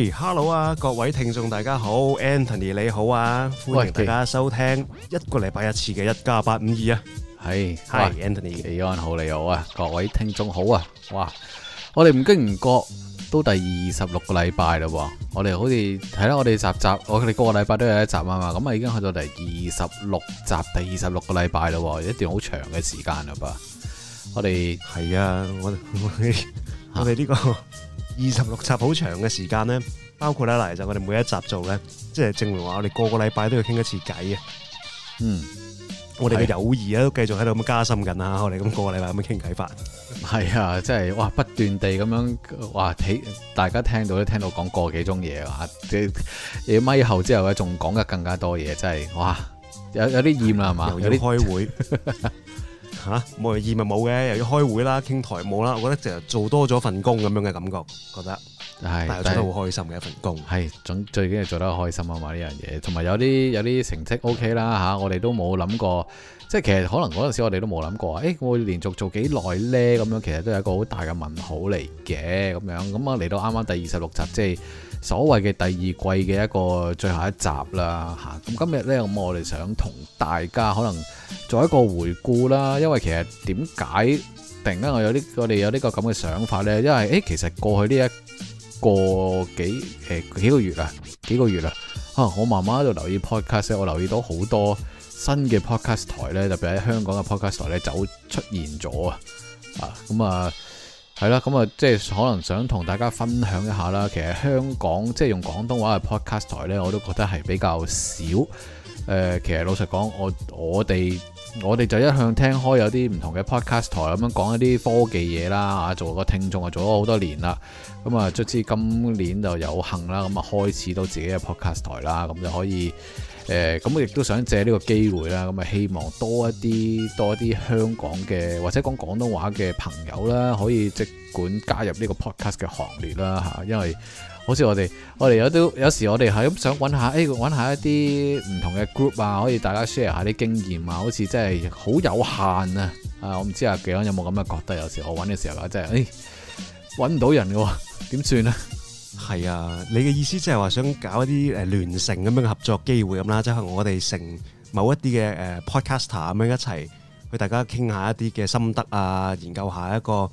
Hey, Hello 啊，各位聽眾大家好，Anthony 你好啊，歡迎大家收聽一個禮拜一次嘅一家八五二啊，係、hey, Hi Anthony，你好你好啊，各位聽眾好啊，哇，我哋唔經唔覺都第二十六個禮拜啦，我哋好似睇啦，我哋集集我哋個個禮拜都有一集啊嘛，咁啊已經去到第二十六集，第二十六個禮拜咯，一段好長嘅時間啦噃，我哋係啊，我我我哋呢個、啊。 二十六集好長嘅時間咧，包括咧嚟就我哋每一集做咧，即係證明話我哋個個禮拜都要傾一次偈嘅。嗯，我哋嘅友誼咧都繼續喺度咁加深緊啊！我哋咁個個禮拜咁樣傾偈法，係啊，即係哇不斷地咁樣哇睇大家聽到都聽到講個幾鐘嘢啊，咪誒後之後仲講得更加多嘢，真係哇有有啲厭啦係嘛，有啲開會。 嚇，無意義咪冇嘅，又要開會啦，傾台務啦，我覺得成日做多咗份工咁樣嘅感覺，覺得係，但係好開心嘅一份工，係最緊要做得開心啊嘛呢樣嘢，同、這、埋、個、有啲有啲成績 OK 啦、啊、我哋都冇諗過，即係其實可能嗰陣時我哋都冇諗過，誒、欸、我會連續做幾耐咧咁樣，其實都係一個好大嘅問號嚟嘅咁樣，咁啊嚟到啱啱第二十六集即係。所謂嘅第二季嘅一個最後一集啦嚇，咁今日呢，咁我哋想同大家可能做一個回顧啦，因為其實點解突然間我有呢、這個、我哋有呢個咁嘅想法呢？因為誒其實過去呢一個幾誒、呃、幾個月啊幾個月啊，可能我慢慢喺度留意 Podcast 我留意到好多新嘅 Podcast 台呢，特別喺香港嘅 Podcast 台呢，就出現咗啊啊咁啊！啊係啦，咁啊，即係可能想同大家分享一下啦。其實香港即係用廣東話嘅 podcast 台呢，我都覺得係比較少。誒、呃，其實老實講，我我哋我哋就一向聽開有啲唔同嘅 podcast 台，咁樣講一啲科技嘢啦，啊，做個聽眾啊，做咗好多年啦。咁啊，卒之今年就有幸啦，咁啊開始到自己嘅 podcast 台啦，咁就可以。誒咁，我亦都想借呢個機會啦。咁啊，希望多一啲多一啲香港嘅或者講廣東話嘅朋友啦，可以即管加入呢個 podcast 嘅行列啦嚇。因為好似我哋我哋有都有時我哋係咁想揾下，誒揾下一啲唔同嘅 group 啊，可以大家 share 下啲經驗啊。好似真係好有限啊！啊，我唔知阿幾安有冇咁嘅覺得？有時我揾嘅時候啊，真係誒揾唔到人嘅喎，點算啊？係啊，你嘅意思即係話想搞一啲誒聯成咁樣嘅合作機會咁啦，即係我哋成某一啲嘅誒 podcaster 咁樣一齊去大家傾下一啲嘅心得啊，研究下一個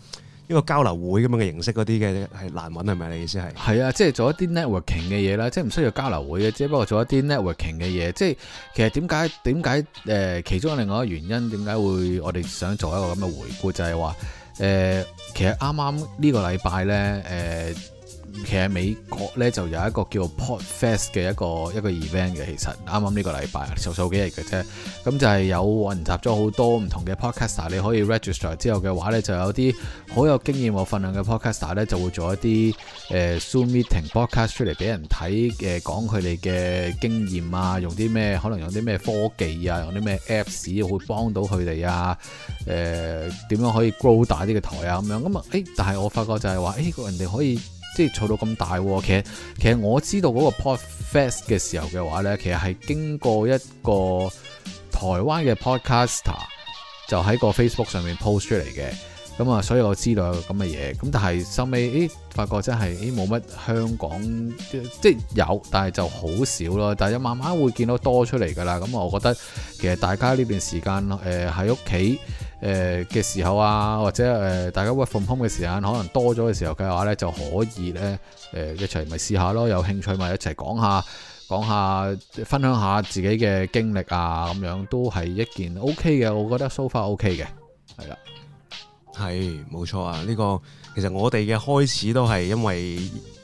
一個交流會咁樣嘅形式嗰啲嘅係難搵係咪你意思係？係啊，即係做一啲 networking 嘅嘢啦，即係唔需要交流會嘅，只不過做一啲 networking 嘅嘢。即係其實點解點解誒其中另外一個原因，點解會我哋想做一個咁嘅回顧，就係話誒，其實啱啱呢個禮拜咧誒。呃其實美國咧就有一個叫做 PodFest 嘅一個一個 event 嘅，其實啱啱呢個禮拜，數數就數幾日嘅啫。咁就係有揾集咗好多唔同嘅 podcaster，你可以 register 之後嘅話咧，就有啲好有經驗和份量嘅 podcaster 咧，就會做一啲、呃、zoom meeting podcast 出嚟俾人睇嘅，講佢哋嘅經驗啊，用啲咩可能用啲咩科技啊，用啲咩 apps 會幫到佢哋啊。點、呃、樣可以 grow 大啲嘅台啊咁樣咁啊。但係我發覺就係話個人哋可以。即係做到咁大喎，其實其實我知道嗰個 Podfest 嘅時候嘅話呢，其實係經過一個台灣嘅 podcaster 就喺個 Facebook 上面 post 出嚟嘅，咁啊，所以我知道有咁嘅嘢，咁但係收尾誒發覺真係誒冇乜香港即即有，但係就好少咯，但係慢慢會見到多出嚟噶啦，咁我覺得其實大家呢段時間誒喺屋企。呃誒、呃、嘅時候啊，或者誒、呃、大家 work from home 嘅時間可能多咗嘅時候嘅話呢，就可以呢誒、呃、一齊咪試下咯，有興趣咪一齊講下講下分享下自己嘅經歷啊，咁樣都係一件 OK 嘅，我覺得 so far OK 嘅，係啦，係冇錯啊，呢個其實我哋嘅開始都係因為。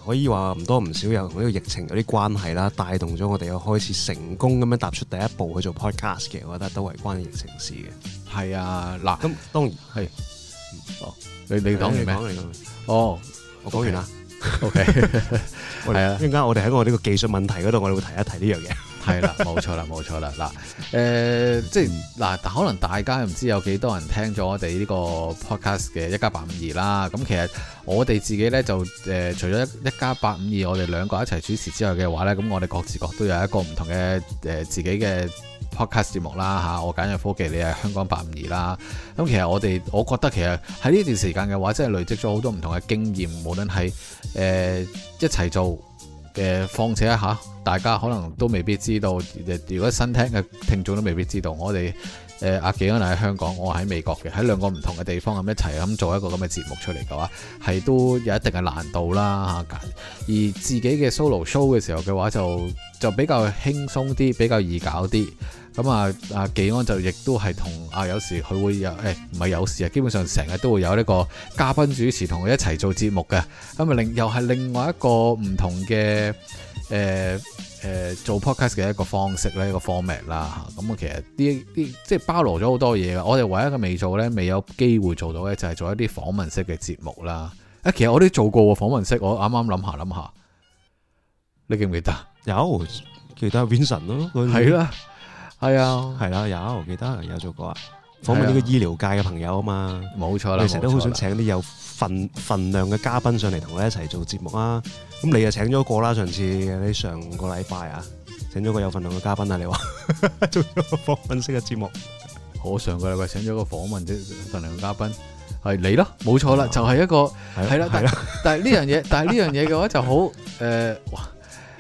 可以話唔多唔少有同呢個疫情有啲關係啦，帶動咗我哋開始成功咁樣踏出第一步去做 podcast 嘅，我覺得都係關疫情事嘅。係啊，嗱，咁當然係。哦，你你講完咩？哦，我講完啦。OK，係啊。一陣間我哋喺我呢個技術問題嗰度，我哋會提一提呢樣嘢。係 啦，冇錯啦，冇錯啦。嗱，誒、呃，即係嗱，可能大家唔知有幾多人聽咗我哋呢個 podcast 嘅一家八五二啦。咁其實我哋自己呢，就誒、呃，除咗一,一家八五二，我哋兩個一齊主持之外嘅話呢，咁我哋各自各都有一個唔同嘅誒、呃、自己嘅 podcast 節目啦嚇、啊。我揀嘅科技，你係香講八五二啦。咁其實我哋，我覺得其實喺呢段時間嘅話，真係累積咗好多唔同嘅經驗，無論係誒一齊做。誒況且吓，大家可能都未必知道，如果新聽嘅聽眾都未必知道我，我哋誒阿傑呢喺香港，我喺美國嘅，喺兩個唔同嘅地方咁一齊咁做一個咁嘅節目出嚟嘅話，係都有一定嘅難度啦吓，而自己嘅 solo show 嘅時候嘅話就，就就比較輕鬆啲，比較易搞啲。咁啊，阿紀安就亦都係同啊，有時佢會有，誒唔係有事啊，基本上成日都會有呢個嘉賓主持同佢一齊做節目嘅。咁啊，另又係另外一個唔同嘅誒、欸欸、做 podcast 嘅一個方式咧，一個 format 啦。咁啊，其實啲啲即係包羅咗好多嘢嘅。我哋唯一嘅未做咧，未有機會做到咧，就係、是、做一啲訪問式嘅節目啦。欸、其實我都做過訪問式，我啱啱諗下諗下，你記唔記得？有，記得 Vincent 咯、啊，係啦、啊。係啊，係啦、啊，有我記得有做過訪啊？訪問呢個醫療界嘅朋友啊嘛，冇錯啦。你成日都好想請啲有份份量嘅嘉賓上嚟同我一齊做節目啊？咁你又請咗個啦，上次你上個禮拜啊，請咗個有份量嘅嘉賓啊？你話做咗個訪問式嘅節目？我上個禮拜請咗個訪問嘅份量嘅嘉賓，係你咯，冇錯啦，錯啦嗯啊、就係、是、一個係啦、啊啊啊啊啊啊啊啊，但係呢樣嘢，但係呢 樣嘢嘅 話就好誒，誒、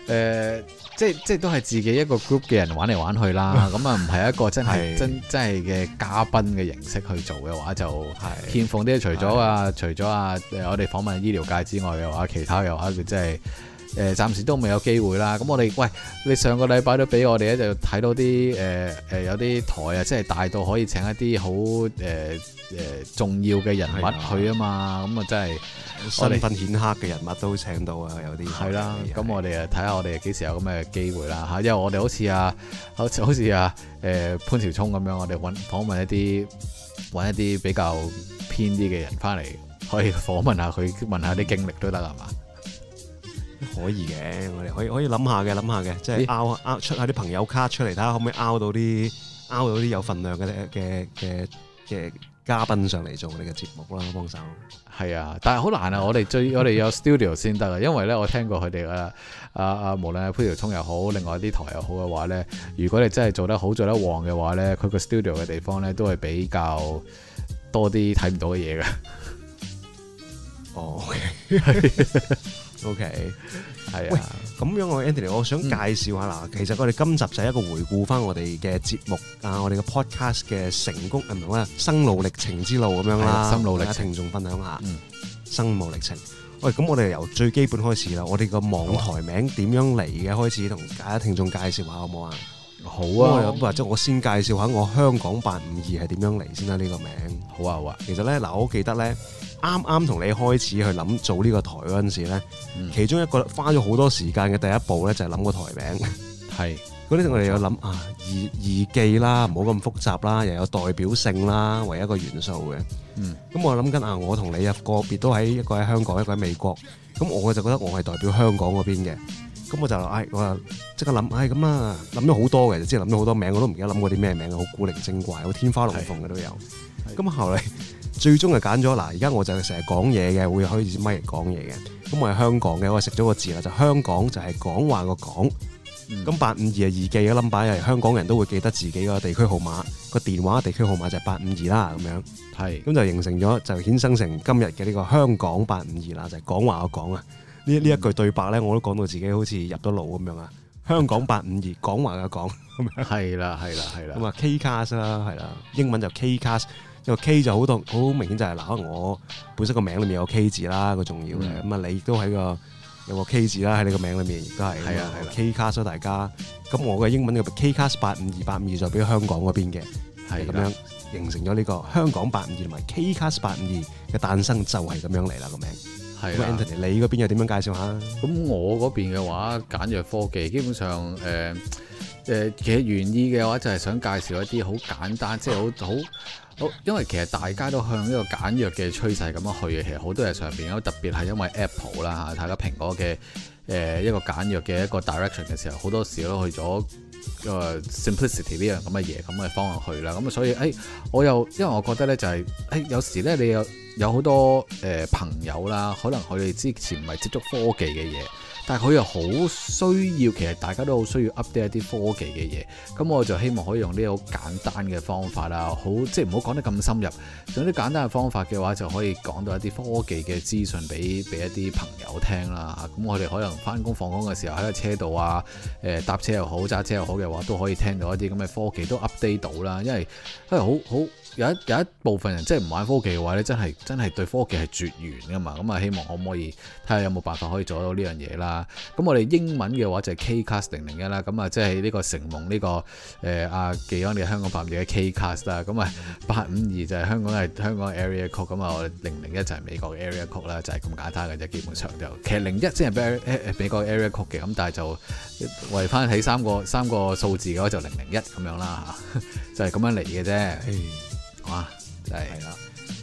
呃。即係即係都係自己一個 group 嘅人玩嚟玩去啦，咁啊唔係一個真係 真真係嘅嘉賓嘅形式去做嘅話，就欠奉啲。除咗啊， 啊，除咗啊，我哋訪問醫療界之外嘅話，其他嘅話佢真係。誒暫時都未有機會啦，咁我哋喂，你上個禮拜都俾我哋咧就睇到啲誒誒有啲台啊，即係大到可以請一啲好誒誒重要嘅人物去啊嘛，咁啊真係身份顯赫嘅人物都請到啊，有啲係啦，咁我哋啊睇下我哋幾時有咁嘅機會啦嚇，因為我哋好似啊，好似好似啊誒、呃、潘朝聰咁樣，我哋揾訪問一啲揾一啲比較偏啲嘅人翻嚟，可以訪問下佢問下啲經歷都得係嘛？可以嘅，我哋可以可以諗下嘅，諗下嘅，即係 out out 出下啲朋友卡出嚟，睇下可唔可以 out 到啲 out 到啲有份量嘅嘅嘅嘅嘉賓上嚟做我哋嘅節目啦，幫手。係啊，但係好難啊！ 我哋最我哋有 studio 先得啊，因為咧我聽過佢哋啊啊啊，無論係 p 又好，另外啲台又好嘅話咧，如果你真係做得好做得旺嘅話咧，佢個 studio 嘅地方咧都係比較多啲睇唔到嘅嘢噶。哦、oh, okay. O K，係啊，咁樣我、啊、Anthony，我想介紹下嗱、嗯，其實我哋今集就係一個回顧翻我哋嘅節目、嗯、啊，我哋嘅 Podcast 嘅成功，唔係咩心路歷程之路咁樣啦，心路歷程，聽眾分享下、嗯，心路歷程。喂，咁我哋由最基本開始啦，我哋個網台名點、啊、樣嚟嘅開始，同大家聽眾介紹下好唔好啊？好啊，或者我先介紹下我香講八五二係點樣嚟先啦？呢、呢個名，好啊，好啊。其實咧，嗱，我記得咧。啱啱同你開始去諗做呢個台嗰陣時咧、嗯，其中一個花咗好多時間嘅第一步咧，就係諗個台名。係嗰啲我哋有諗啊，易易記啦，唔好咁複雜啦，又有代表性啦，唯一,一個元素嘅。咁、嗯、我諗緊啊，我同你啊個別都喺一個喺香港，一個喺美國。咁我就覺得我係代表香港嗰邊嘅。咁我就唉我即刻諗，唉咁啦，諗咗好多嘅，即係諗咗好多名，我都唔記得諗過啲咩名，好古靈精怪，好天花龍鳳嘅都有。咁後嚟。最終係揀咗嗱，而家我就成日講嘢嘅，會開始咪嘢講嘢嘅。咁我係香港嘅，我食咗個字啦，就是、香港就係講話個講。咁八五二係易記嘅 number，又係香港人都會記得自己個地區號碼，個電話地區號碼就係八五二啦咁樣。係咁就形成咗，就衍生成今日嘅呢個香港八五二啦，就係講話個講啊。呢呢一句對白咧，我都講到自己好似入咗腦咁樣啊。香港八五二講話嘅講，係啦係啦係啦。咁啊 Kcast 啦，係啦，英文就 Kcast。個 K 就好多好明顯就係嗱，我本身個名裏面有 K 字啦，個重要嘅。咁啊，你亦都喺個有個 K 字啦，喺你個名裏面亦都係。係啊，係啦。K 卡所大家，咁我嘅英文叫 K 卡斯八五二八五二就俾香港嗰邊嘅，係咁、就是、樣形成咗呢個香港八五二同埋 K 卡斯八五二嘅誕生就係咁樣嚟啦，個名。係，你嗰邊又點樣介紹下？咁我嗰邊嘅話簡約科技，基本上誒誒、呃呃、其實原意嘅話就係想介紹一啲好簡單，即係好好。好，因為其實大家都向呢個簡約嘅趨勢咁樣去嘅，其實好多嘢上邊特別係因為 Apple 啦嚇，大家蘋果嘅誒一個簡約嘅一個 direction 嘅時候，好多時都去咗誒 simplicity 呢樣咁嘅嘢咁嘅方向去啦，咁所以誒、哎，我又因為我覺得咧就係、是、誒、哎、有時咧你有有好多誒、呃、朋友啦，可能佢哋之前唔係接觸科技嘅嘢，但係佢又好需要，其實大家都好需要 update 一啲科技嘅嘢。咁我就希望可以用啲好簡單嘅方法啦，好即係唔好講得咁深入。用啲簡單嘅方法嘅話，就可以講到一啲科技嘅資訊俾俾一啲朋友聽啦。咁我哋可能翻工放工嘅時候喺車度啊，呃、搭車又好揸車又好嘅話，都可以聽到一啲咁嘅科技都 update 到啦。因為因為好好。好有一有一部分人即係唔玩科技嘅話咧，真係真係對科技係絕緣噶嘛。咁、嗯、啊，希望可唔可以睇下有冇辦法可以做到呢樣嘢啦。咁、嗯、我哋英文嘅話就係 Kcast 零零一啦。咁、嗯、啊，即係呢個成蒙呢、這個誒阿記安你香港發面嘅 Kcast 啦。咁、嗯、啊，八五二就係香港係香港 area code、嗯。咁啊，我哋零零一就係美國嘅 area code 啦。就係咁簡單嘅啫，基本上就其實零一先係美國 area code 嘅。咁但係就為翻睇三個三個數字嘅話就零零一咁樣啦。就係、是、咁樣嚟嘅啫。哇，係啦，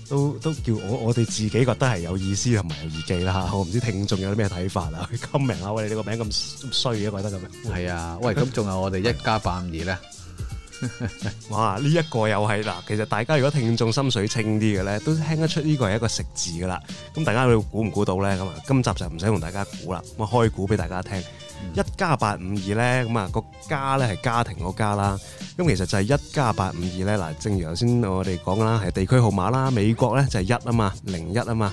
都都叫我我哋自己覺得係有意思，同埋有意義啦吓。我唔知聽眾有啲咩睇法啊？佢 comment 啊，喂，你個名咁衰嘅，覺得咁樣係啊？喂，咁仲有我哋一家半兒咧？哇，呢一個又係啦，其實大家如果聽眾心水清啲嘅咧，都聽得出呢個係一個食字噶啦。咁大家會估唔估到咧？咁啊，今集就唔使同大家估啦，咁開估俾大家聽。一加八五二咧，咁啊個加咧係家庭個加啦，咁其實就係一加八五二咧。嗱，正如頭先我哋講啦，係地區號碼啦，美國咧就係一啊嘛，零一啊嘛，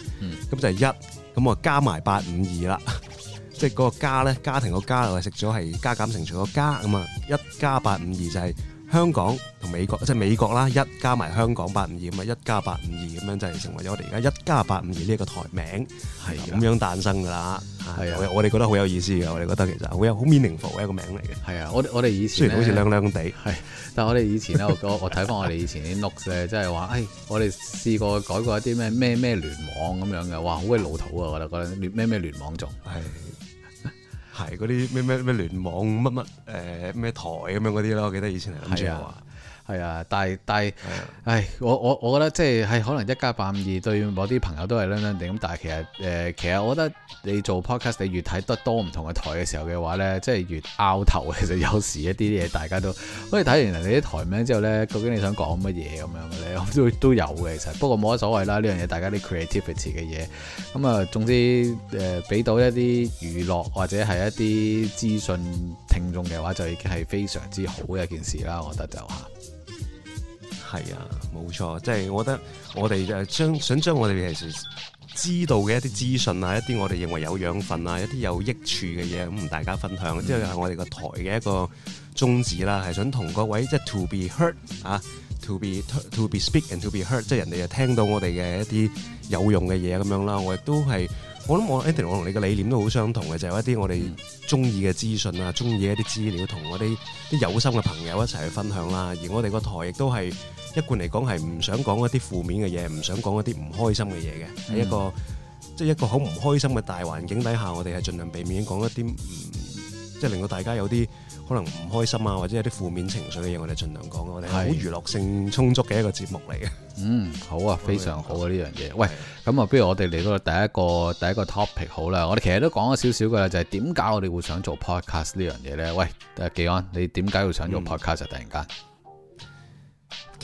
咁就係一，咁我加埋八五二啦，即係嗰個加咧，家庭個加，我食咗係加減乘除個加，咁啊一加八五二就係香港同美國即係美國啦，一加埋香港八五二咁嘛，一加八五二咁樣就係、係、成為咗我哋而家一加八五二呢一個台名，係咁樣誕生㗎啦。係啊，我哋覺得好有意思嘅，我哋覺得其實好有好 meaningful 嘅一個名嚟嘅。係啊，我我哋以前雖然好似兩兩地，係，但係我哋以前咧，我睇翻我哋以前啲 note 即 係話，誒、哎，我哋試過改過一啲咩咩咩聯網咁樣嘅，哇，好鬼老土啊！我覺得覺得咩咩聯網仲係。係嗰啲咩咩咩聯網乜乜誒咩台咁樣嗰啲咯，我記得以前係諗住話。係啊，但係但係，唉，我我我覺得即係可能一家852對某啲朋友都係撚撚地咁。但係其實、呃、其實我覺得你做 podcast，你越睇得多唔同嘅台嘅時候嘅話呢，即係越拗頭。其實有時一啲嘢大家都，好似睇完人哋啲台名之後呢，究竟你想講乜嘢咁樣咧？我都都有嘅。其實不過冇乜所謂啦。呢樣嘢大家啲 creativity 嘅嘢咁啊，總之誒，俾、呃、到一啲娛樂或者係一啲資訊聽眾嘅話，就已經係非常之好嘅一件事啦。我覺得就係啊，冇錯，即、就、係、是、我覺得我哋就將想將我哋其知道嘅一啲資訊啊，一啲我哋認為有養分啊，一啲有益處嘅嘢咁，同大家分享，呢個係我哋個台嘅一個宗旨啦，係想同各位即係、就是、to be heard 啊，to be to, to be speak and to be heard，即係人哋又聽到我哋嘅一啲有用嘅嘢咁樣啦。我亦都係，我諗我我同你嘅理念都好相同嘅，就係、是、一啲我哋中意嘅資訊啊，中意一啲資料，同我哋啲有心嘅朋友一齊去分享啦。而我哋個台亦都係一貫嚟講係唔想講一啲負面嘅嘢，唔想講一啲唔開心嘅嘢嘅，喺一個、嗯、即係一個好唔開心嘅大環境底下，我哋係盡量避免講一啲即係令到大家有啲可能唔開心啊，或者有啲負面情緒嘅嘢，我哋盡量講，我哋係好娛樂性充足嘅一個節目嚟嘅。嗯，好啊，非常好啊呢樣嘢。喂，咁啊，不如我哋嚟到第一個第一個 topic 好啦。我哋其實都講咗少少嘅，就係點解我哋會想做 podcast 呢樣嘢咧？喂，紀安，你點解會想做 podcast？、嗯、突然間。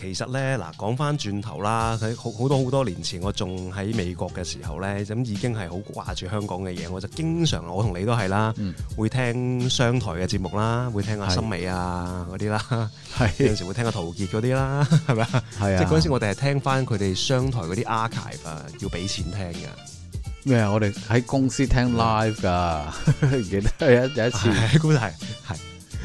其實咧，嗱講翻轉頭啦，喺好好多好多年前，我仲喺美國嘅時候咧，咁已經係好掛住香港嘅嘢，我就經常我同你都係啦，會聽商台嘅節目啦，的的會聽下森美啊嗰啲啦，有時會聽下陶傑嗰啲啦，係咪啊？係啊！即嗰時我哋係聽翻佢哋商台嗰啲 archive 啊，要俾錢聽嘅咩啊？我哋喺公司聽 live 㗎，啊、唔記得有有一次，估計係。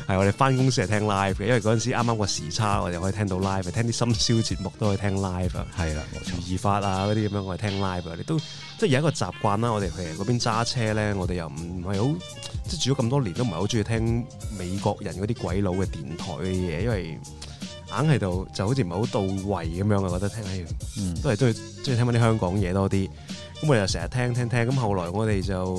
係我哋返公司係聽 live 嘅，因為嗰陣時啱啱個時差，我哋可以聽到 live。聽啲深宵節目都可以聽 live 啊，係啦，冇錯。二發啊，嗰啲咁樣我哋聽 live 啊，你都即係有一個習慣啦。我哋譬如嗰邊揸車咧，我哋又唔係好即係住咗咁多年都唔係好中意聽美國人嗰啲鬼佬嘅電台嘅嘢，因為硬喺度就好似唔係好到位咁樣。我覺得聽，嗯，都係都係中意聽返啲香港嘢多啲。咁我哋又成日聽聽聽，咁後來我哋就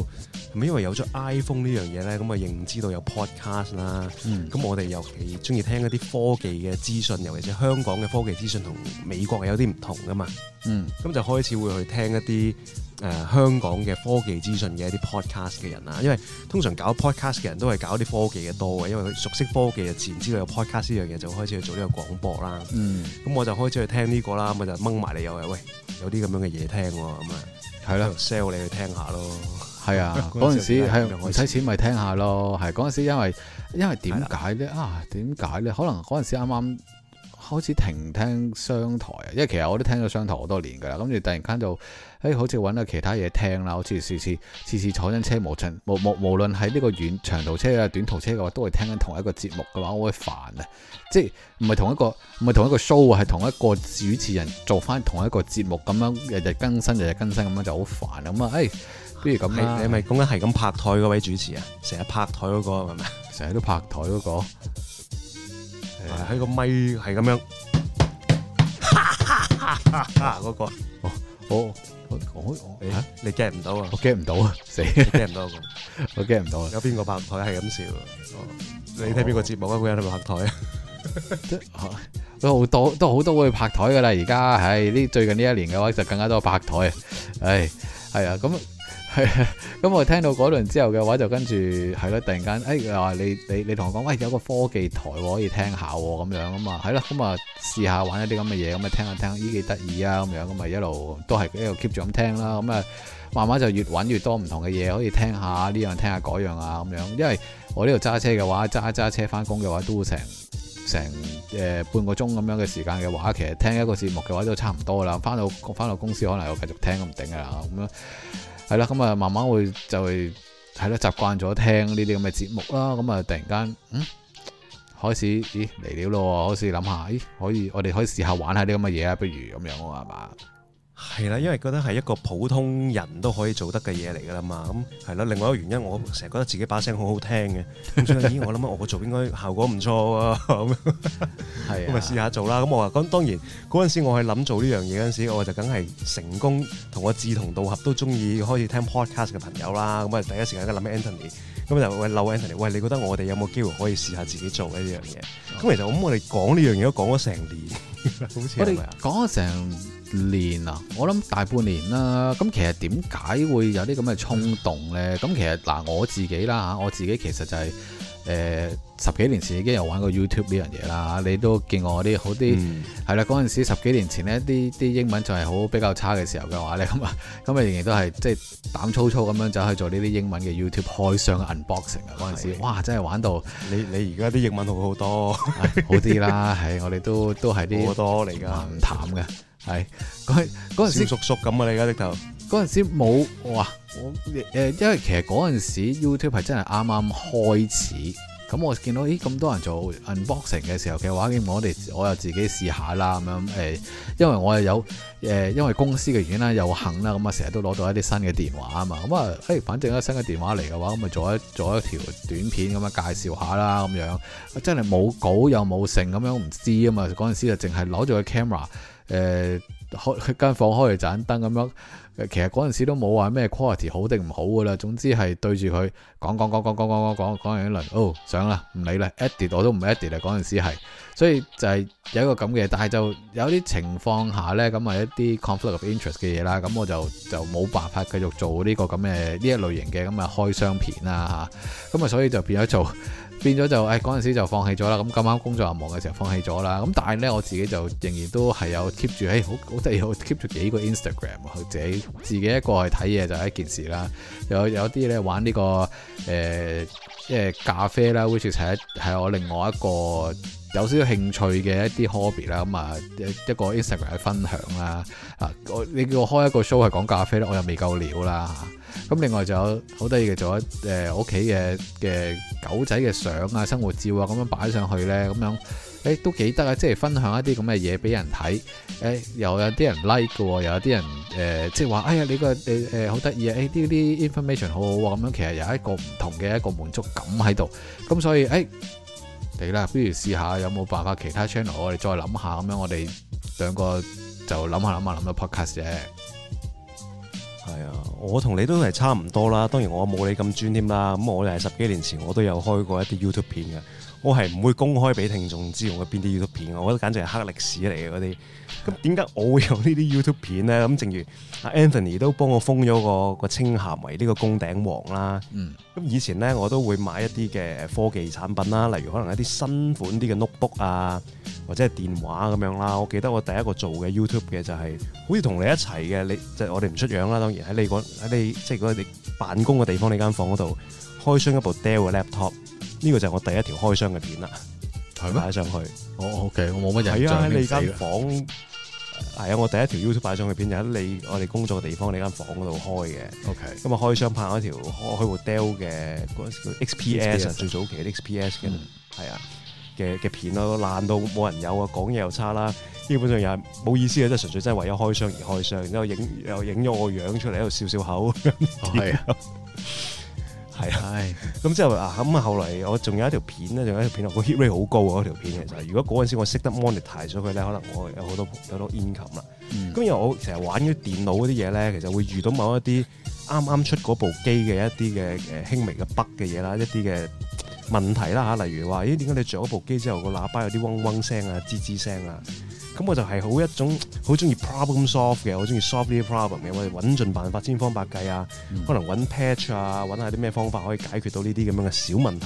係咪因為有咗 iPhone 呢樣嘢咧，咁啊認知道有 podcast 啦、嗯，咁我哋又幾中意聽一啲科技嘅資訊，尤其係香港嘅科技資訊同美國有啲唔同㗎嘛，咁、嗯、就開始會去聽一啲、呃、香港嘅科技資訊嘅一啲 podcast 嘅人啦，因為通常搞 podcast 嘅人都係搞啲科技嘅多嘅，因為佢熟悉科技嘅自然知道有 podcast 呢樣嘢，就開始去做呢個廣播啦。咁、嗯、我就開始去聽呢個啦，咁就掹埋你又係喂有啲咁樣嘅嘢聽喎咁啊！係咯，sell 你去聽下咯。係啊，嗰陣時係唔使錢咪聽下咯。係嗰陣時，因，因為因為點解咧啊？點解咧？可能嗰陣時啱啱，開始停聽商台啊，因為其實我都聽咗商台好多年㗎啦，跟住突然間就誒、哎、好似揾下其他嘢聽啦，好似次次次次坐緊車無盡無無無論喺呢個遠長途車啊，短途車嘅話，都係聽緊同一個節目嘅話，我會煩啊！即係唔係同一個唔係同一個 show 啊，係同一個主持人做翻同一個節目咁樣，日日更新日日更新咁樣就好煩啊！咁啊誒，不如咁、啊、你咪咁樣係咁拍台嗰位主持啊，成日拍台嗰個係咪？成日都拍台嗰個。喺個咪係咁樣，嗰個哦，我講開，你你 get 唔到啊？我 get 唔到啊，死，get 唔到個，我 get 唔到啊。有邊個拍台係咁笑？你睇邊個節目啊？會有人喺度拍台啊？都好多都好多會拍台噶啦！而家，係，呢最近呢一年嘅話就更加多拍台。唉，係啊，咁。咁、 嗯嗯、我聽到嗰輪之後嘅話，就跟住係咯，突然間，哎，又話你你你同我講，喂、哎，有個科技台可以聽下喎，咁樣啊嘛，係啦，咁啊試下玩一啲咁嘅嘢，咁啊聽下聽，咦幾得意啊，咁樣，咁啊一路都係一路 keep 住咁聽啦，咁啊慢慢就越揾越多唔同嘅嘢可以聽下呢、這個、樣，聽下嗰樣啊，咁樣，因為我呢度揸車嘅話，揸揸車返工嘅話，都成成誒、呃、半個鐘咁樣嘅時間嘅話，其實聽一個節目嘅話都差唔多啦。返到返到公司可能又繼續聽咁頂噶啦，咁樣。係啦，咁啊，慢慢就會就係係咯，習慣咗聽呢啲咁嘅節目啦。咁啊，突然間，嗯，開始，咦嚟料咯，開始諗下，咦，可以，我哋可以試下玩下啲咁嘅嘢啊，不如咁樣，係嘛？係啦，因為覺得係一個普通人都可以做得嘅嘢嚟㗎啦嘛，咁係啦。另外一個原因，我成日覺得自己把聲好好聽嘅，咁所以我諗啊，我做應該效果唔錯喎，咁咪試下做啦。咁我話咁當然嗰陣時，我係諗做呢樣嘢嗰陣時，我就梗係成功同我志同道合都中意開始聽 podcast 嘅朋友啦。咁啊，第一時間諗起 Anthony，咁就喂，撩下 Anthony，喂，你覺得我哋有冇機會可以試下自己做呢樣嘢？咁其實咁，我哋講呢樣嘢都講咗成年，我哋講咗成。練啊！我諗大半年啦。咁其實點解會有啲咁嘅衝動呢？咁、嗯、其實嗱，我自己啦吓，我自己其實就係、是、誒、呃、十幾年前已經有玩過 YouTube 呢樣嘢啦。你都見過我啲好啲係啦。嗰、嗯、陣時十幾年前呢啲啲英文就係好比較差嘅時候嘅話呢。咁啊咁啊，仍然都係即係膽粗粗咁樣走去做呢啲英文嘅 YouTube 開箱 unboxing 啊。嗰陣時的哇，真係玩到你你而家啲英文好好多，哦哎，好啲啦。係 我哋都都係啲好多嚟噶，平淡嘅。係嗰嗰時，小叔叔咁啊！你而家直頭嗰陣時冇哇，我誒，因為其實嗰陣時 YouTube 係真係啱啱開始咁，我見到咦咁多人做 unboxing 嘅時候嘅話，我哋我又自己試下啦咁樣誒，因為我又有誒、欸，因為公司嘅原因啦，又肯啦，咁啊成日都攞到一啲新嘅電話啊嘛，咁啊誒，反正一新嘅電話嚟嘅話，咁、嗯、咪做一做一條短片咁樣介紹下啦，咁樣真係冇稿又冇剩咁樣，唔知啊嘛，嗰陣時就淨係攞咗個 camera。誒、呃、開間房開嚟盞燈咁樣，其實嗰陣時都冇話咩 quality 好定唔好噶啦，總之係對住佢講講講講講講講講講完一輪，哦上啦唔理啦 edit 我都唔係 edit 啦，嗰陣時係，所以就係有一個咁嘅，但係就有啲情況下呢，咁啊一啲 conflict of interest 嘅嘢啦，咁我就就冇辦法繼續做呢個咁嘅呢一類型嘅咁嘅開箱片啦啊吓，咁啊所以就變咗做。變咗就誒，嗰、哎、陣時就放棄咗啦。咁咁啱工作又忙嘅時候放棄咗啦。咁但係咧，我自己就仍然都係有 keep 住，誒、哎，好好得意，我 keep 住幾個 Instagram。自己自己一個去睇嘢就係一件事啦。有有啲咧玩呢、這個誒，即、呃、係咖啡啦，which is 係我另外一個。有少少興趣嘅一啲 hobby 啦，咁啊一一個 Instagram 嘅分享啦，啊我你叫我開一個 show 係講咖啡咧，我又未夠料啦。咁另外就有好得意嘅仲有誒屋企嘅嘅狗仔嘅相啊、生活照啊咁樣擺上去咧，咁樣誒都幾得啊！即係分享一啲咁嘅嘢俾人睇，誒又有啲人 like 嘅，又有啲人誒、like 呃、即係話哎呀你個你誒好得意啊！誒呢啲 information 好好啊咁樣，其實有一個唔同嘅一個滿足感喺度，咁、嗯、所以誒。誒嚟啦，不如試下有冇辦法其他 channel，我哋再諗下咁樣，我哋兩個就諗下諗下諗個 podcast 啫。係啊，我同你都係差唔多啦。當然我冇你咁專添啦。咁我哋係十幾年前我都有開過一啲 YouTube 片嘅，我係唔會公開俾聽眾知我嘅邊啲 YouTube 片。我覺得簡直係黑歷史嚟嘅嗰啲。咁點解我會有這些呢啲 YouTube 片咧？咁正如 Anthony 都幫我封咗個個稱銜為呢個攻頂王啦。咁、嗯、以前咧我都會買一啲嘅科技產品啦，例如可能一啲新款啲嘅 notebook 啊，或者係電話咁樣啦。我記得我第一個做嘅 YouTube 嘅就係、是、好似同你一齊嘅，你即係、就是、我哋唔出樣啦。當然喺你個喺你即係嗰你辦公嘅地方，你間房嗰度開箱一部 Dell 嘅 laptop，呢個就係我第一條開箱嘅片啦。係咩？擺上去，oh, okay，我 o 我冇乜印象喺、啊、你間房。 係啊，我第一條 YouTube 擺上嘅片就喺、是、你我哋工作嘅地方，你間房嗰度開嘅。OK，咁啊開箱拍一條開開部 Dell 嘅嗰陣時叫 XPS，XPS 最早期嘅 XPS 嘅，係啊嘅嘅片咯，爛到冇人有啊，講嘢又差啦，基本上又係冇意思嘅，即係純粹真係為咗開箱而開箱，然之後影又影咗我樣出嚟喺度笑笑口，係 啊是的。 係 啊，咁、嗯、之後啊，咁啊後嚟我仲有一條片咧，仲有一條片啊，個 hit rate 好高啊，嗰條片其實。如果嗰陣時我識得 monetize 咗佢咧，可能我有好多好多 income 嘛。咁因為我成日玩嗰啲電腦嗰啲嘢咧，其實會遇到某一啲啱啱出嗰部機嘅一啲嘅誒輕微嘅 bug 嘅嘢啦，一啲嘅問題啦嚇、啊，例如話咦點解你着咗部機之後個喇叭有啲嗡嗡聲啊、吱吱聲啊。咁我就係好一種好中意 problem solve 嘅，好中意 solve 啲 problem 嘅，我哋揾盡辦法，千方百計啊，嗯、可能揾 patch 啊，揾下啲咩方法可以解決到呢啲咁樣嘅小問題。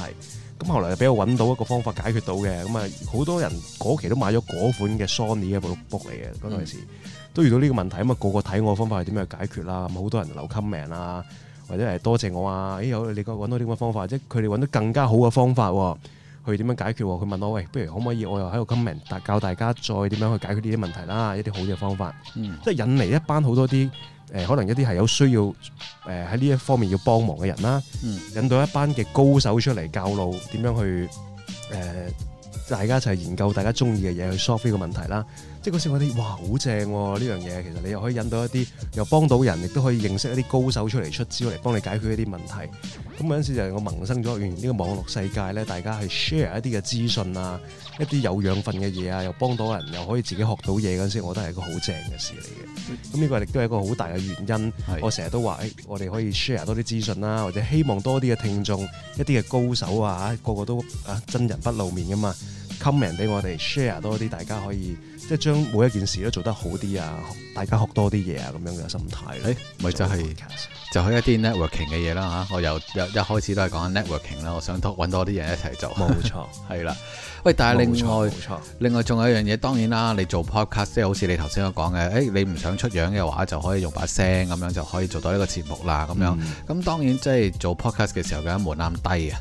咁後來俾我揾到一個方法解決到嘅，咁啊好多人嗰期都買咗嗰款嘅 Sony 嘅部 book 嚟嘅嗰陣時，嗯、都遇到呢個問題，咁啊個個睇我方法係點樣解決啦，咁好多人留襟名啊，或者誒多謝我啊，咦、哎、有你揾到啲乜方法，即係佢哋揾到更加好嘅方法喎、啊。佢點樣解決？佢問我：喂、欸，不如可唔可以我又喺度 comment，教大家再點樣去解決呢啲問題啦？一啲好嘅方法，嗯、即係引嚟一班好多啲、呃、可能一啲係有需要誒喺呢一方面要幫忙嘅人啦。嗯、引到一班嘅高手出嚟教路，點樣去誒、呃、大家一齊研究大家中意嘅嘢去 solve 呢個問題啦。即嗰時我哋哇好正喎呢樣嘢，其實你又可以引到一啲，又幫到人，亦都可以認識一啲高手出嚟出招嚟幫你解決一啲問題。咁嗰陣時就我萌生咗原呢個網絡世界咧，大家係 share 一啲嘅資訊啊，一啲有養分嘅嘢啊，又幫到人，又可以自己學到嘢。嗰陣時我覺得係一個好正嘅事嚟嘅。咁呢個亦都係一個好大嘅原因。我成日都話誒，我哋可以 share 多啲資訊啦，或者希望多啲嘅聽眾一啲嘅高手啊，個個都啊真人不露面㗎嘛。comment 俾我哋 share 多啲，大家可以即係將每一件事都做得好啲啊！大家學多啲嘢啊，咁樣嘅心態咧，咪、欸、就係、是、就係、是、一啲 networking 嘅嘢啦嚇。我由一開始都係講 networking 啦，我想多揾多啲人一齊做。冇錯，係 啦。喂，但係另外另外仲有一樣嘢，當然啦，你做 podcast 即係好似你頭先所講嘅，誒、欸，你唔想出樣嘅話，就可以用把聲咁樣就可以做到呢個節目啦。咁、嗯、樣咁當然即係做 podcast 嘅時候嘅門檻低啊。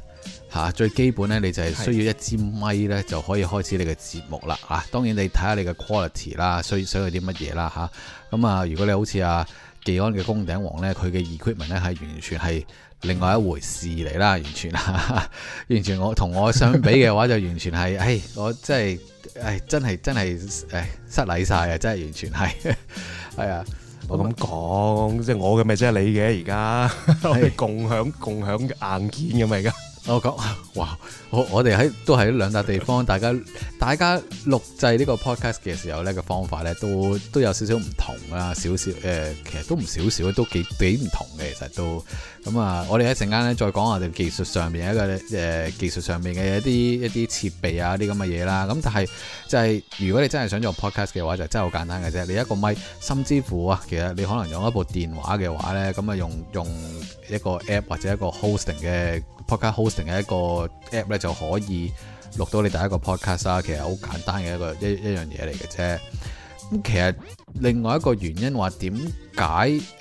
嚇，最基本咧，你就係需要一支咪咧，就可以開始你嘅節目啦。嚇，當然你睇下你嘅 quality 啦，需需要啲乜嘢啦嚇，咁啊，如果你好似啊技安嘅《宮頂王》咧，佢嘅 equipment 咧係完全係另外一回事嚟啦，完全，完全我同我相比嘅話就完全係，唉、 哎，我真係，唉、哎，真係真係，唉、哎，失禮晒啊，真係完全係，係、哎、啊，我咁講，即 係我嘅咪即係你嘅而家，我哋共享共享硬件咁而家。 我、okay，講哇，我我哋喺都喺兩笪地方，大家大家錄製呢個 podcast 嘅時候咧個方法咧都都有少少唔同啊，少少誒，其實都唔少少都幾幾唔同嘅，其實都。咁啊，我哋一陣間咧再講下我哋技術上面一個誒技術上面嘅一啲一啲設備啊啲咁嘅嘢啦。咁但係就係如果你真係想做 podcast 嘅話，就真係好簡單嘅啫。你一個咪，甚至乎啊，其實你可能用一部電話嘅話咧，咁啊用用一個 app 或者一個 hosting 嘅 podcast hosting 嘅一個 app 咧，就可以錄到你第一個 podcast 啦。其實好簡單嘅一個一一,一樣嘢嚟嘅啫。咁其實～另外一個原因話點解？誒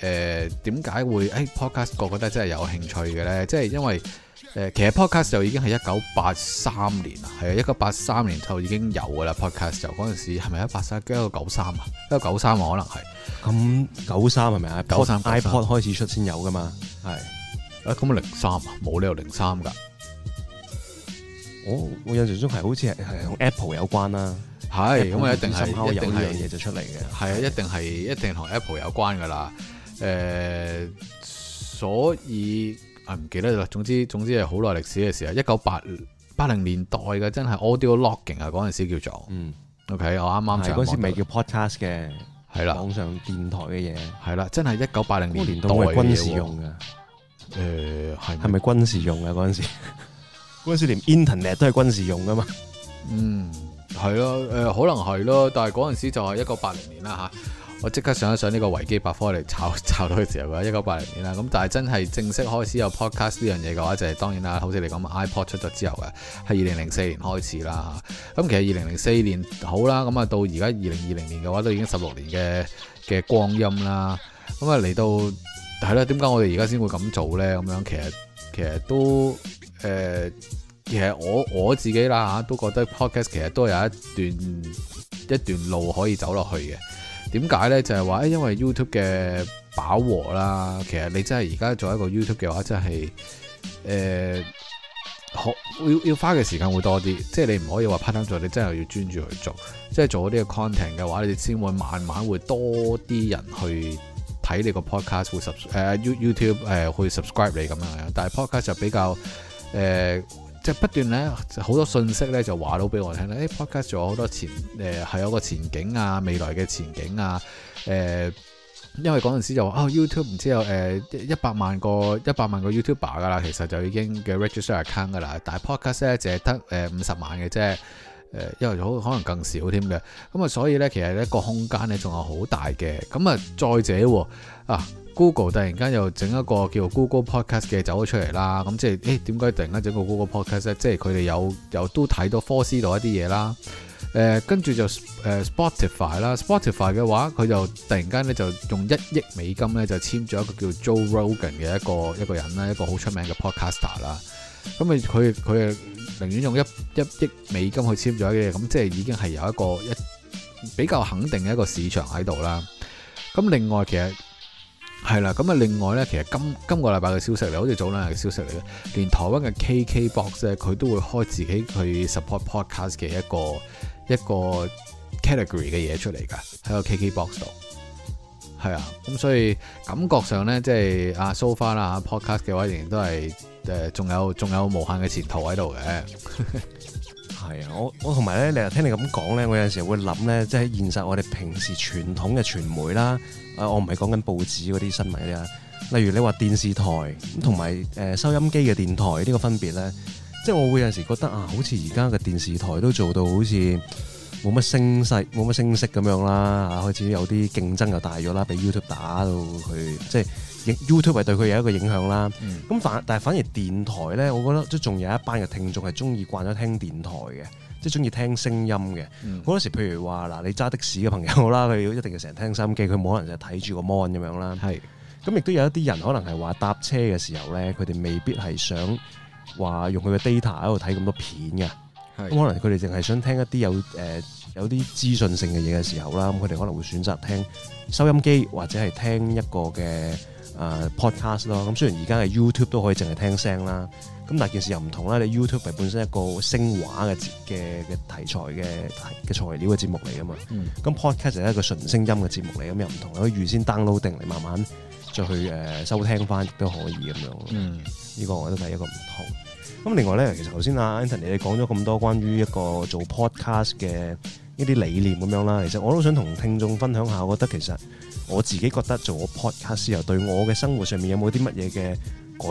點解會誒、哎、podcast 個個都真係有興趣嘅咧？即、就、係、是、因為誒、呃，其實 podcast 就已經係一九八三年啦，係啊，一九八三年就已經有噶啦。podcast 就嗰陣時係咪一八三一個九三啊？一個九三我可能係咁九三係咪啊？九三 iPod, iPod 開始出先有噶嘛？係啊，咁零三啊，冇理由零三噶。我、哦、我印象中係好似係同 Apple 有關啦、啊。係咁啊！一定係一定嘢就出嚟嘅。係啊，一定係一定同 Apple 有關噶啦。誒、呃，所以啊，唔記得啦。總之總之係好耐歷史嘅時候，一九八八零年代嘅真係 Audio Logging 啊，嗰陣時叫做。嗯。O、okay, K，我啱啱即係嗰時未叫 Podcast 嘅。係啦。網上電台嘅嘢。係啦，真係一九八零年代嘅軍事用嘅。誒、呃，係係咪軍事用嘅嗰陣時？嗰 陣時連 Internet 都係軍事用噶嘛？嗯。係咯，誒、呃，可能係咯，但係嗰陣時候就係一九八零年啦吓、啊，我即刻上一上呢個維基百科嚟，炒炒到嘅時候啦，一九八零年啦，咁但係真係正式開始有 podcast 呢樣嘢嘅話，就係、是、當然啦，好似你講 ipod 出咗之後嘅，係二零零四年開始啦吓，咁、啊啊、其實二零零四年好啦，咁啊到而家二零二零年嘅話都已經十六年嘅嘅光陰啦，咁啊嚟、啊、到係啦，點解我哋而家先會咁做咧？咁樣其實其實都誒。呃其實我我自己啦吓都覺得 podcast 其實都有一段一段路可以走落去嘅。點解呢？就係、是、話，因為 YouTube 嘅飽和啦，其實你真係而家做一個 YouTube 嘅話，真係、呃、要要花嘅時間會多啲。即係你唔可以話 part time 做，你真係要專注去做。即係做咗呢個 content 嘅話，你先會慢慢會多啲人去睇你個 podcast 會、呃、YouTube 誒、呃、會 subscribe 你咁樣。但係 podcast 就比較、呃即、就、係、是、不斷咧，好多信息咧就話到俾我聽咧。誒、哎、Podcast 仲有好多前係、呃、有個前景啊，未來嘅前景啊。誒、呃，因為嗰陣時就話啊、哦、YouTube 唔知有誒一百萬個一百萬個 YouTuber 㗎啦，其實就已經嘅 Register Account 㗎啦。但係 Podcast 咧淨係得誒五十萬嘅啫、呃，因為好可能更少添嘅。咁啊，所以咧其實咧個空間咧仲有好大嘅。咁啊，再者喎啊。Google 突然間又整一個叫 Google Podcast 嘅走咗出嚟啦。咁即係誒點解突然間整個 Google Podcast 即係佢哋有又都睇到科斯度一啲嘢啦。誒跟住就誒、呃、Spotify 啦。Spotify 嘅話，佢就突然間咧就用一億美金咧就簽咗一個叫 Joe Rogan 嘅一個一個人啦，一個好出名嘅 Podcaster 啦。咁咪佢佢誒寧願用一一億美金去簽咗嘅，咁即係已經係有一個一比較肯定嘅一個市場喺度啦。咁另外其實。係啦，咁啊，另外咧，其實今今個禮拜嘅消息嚟，好似早兩日嘅消息嚟嘅，連台灣嘅 KKBox 咧，佢都會開自己去 support podcast 嘅一個一個 category 嘅嘢出嚟噶，喺個 KKBox 度。係啊，咁所以感覺上咧，即係阿、啊、so far 啦，podcast 嘅話仍然都係誒，呃、仲有仲有無限嘅前途喺度嘅。 係啊，我我同埋咧，你又聽你咁講咧，我有陣時會諗咧，即係現實我哋平時傳統嘅傳媒啦。啊，我唔係講緊報紙嗰啲新聞啦，例如你話電視台同埋誒收音機嘅電台呢個分別咧，嗯，即係我會有陣時覺得啊，好似而家嘅電視台都做到好似冇乜聲勢，冇乜聲色咁樣啦。啊，開始有啲競爭又大咗啦，俾 YouTube 打到佢即係。YouTube 係對佢有一個影響啦。咁、嗯、反但係反而電台咧，我覺得仲有一班嘅聽眾係中意慣咗聽電台嘅，即係中意聽聲音嘅。好、嗯、多時，譬如話嗱，你揸的士嘅朋友啦，佢一定要成日聽收音機，佢冇可能就睇住個 mon 咁樣啦。咁，亦都有一啲人可能係話搭車嘅時候咧，佢哋未必係想話用佢嘅 data 喺度睇咁多片嘅。咁，可能佢哋淨係想聽一啲有誒有啲資訊性嘅嘢嘅時候啦。咁佢哋可能會選擇聽收音機或者係聽一個嘅。啊、uh, Podcast 咯，咁雖然而家嘅 YouTube 都可以淨係聽聲啦，咁但係件事又唔同啦。你 YouTube 係本身一個聲畫嘅嘅嘅題材嘅嘅材，材，材料嘅節目嚟㗎嘛，咁、mm. Podcast 就係一個純聲音嘅節目嚟，咁又唔同，你可以預先 download 定嚟慢慢再去誒、呃、收聽翻亦都可以咁樣。呢、mm. 個我覺得係一個唔同。咁另外咧，其實頭先阿 Antony 你講咗咁多關於一個做 Podcast 嘅一啲理念咁樣啦，其實我都想同聽眾分享下，我覺得其實。我自己覺得做我的 podcast 又對我嘅生活上面有冇啲乜嘢嘅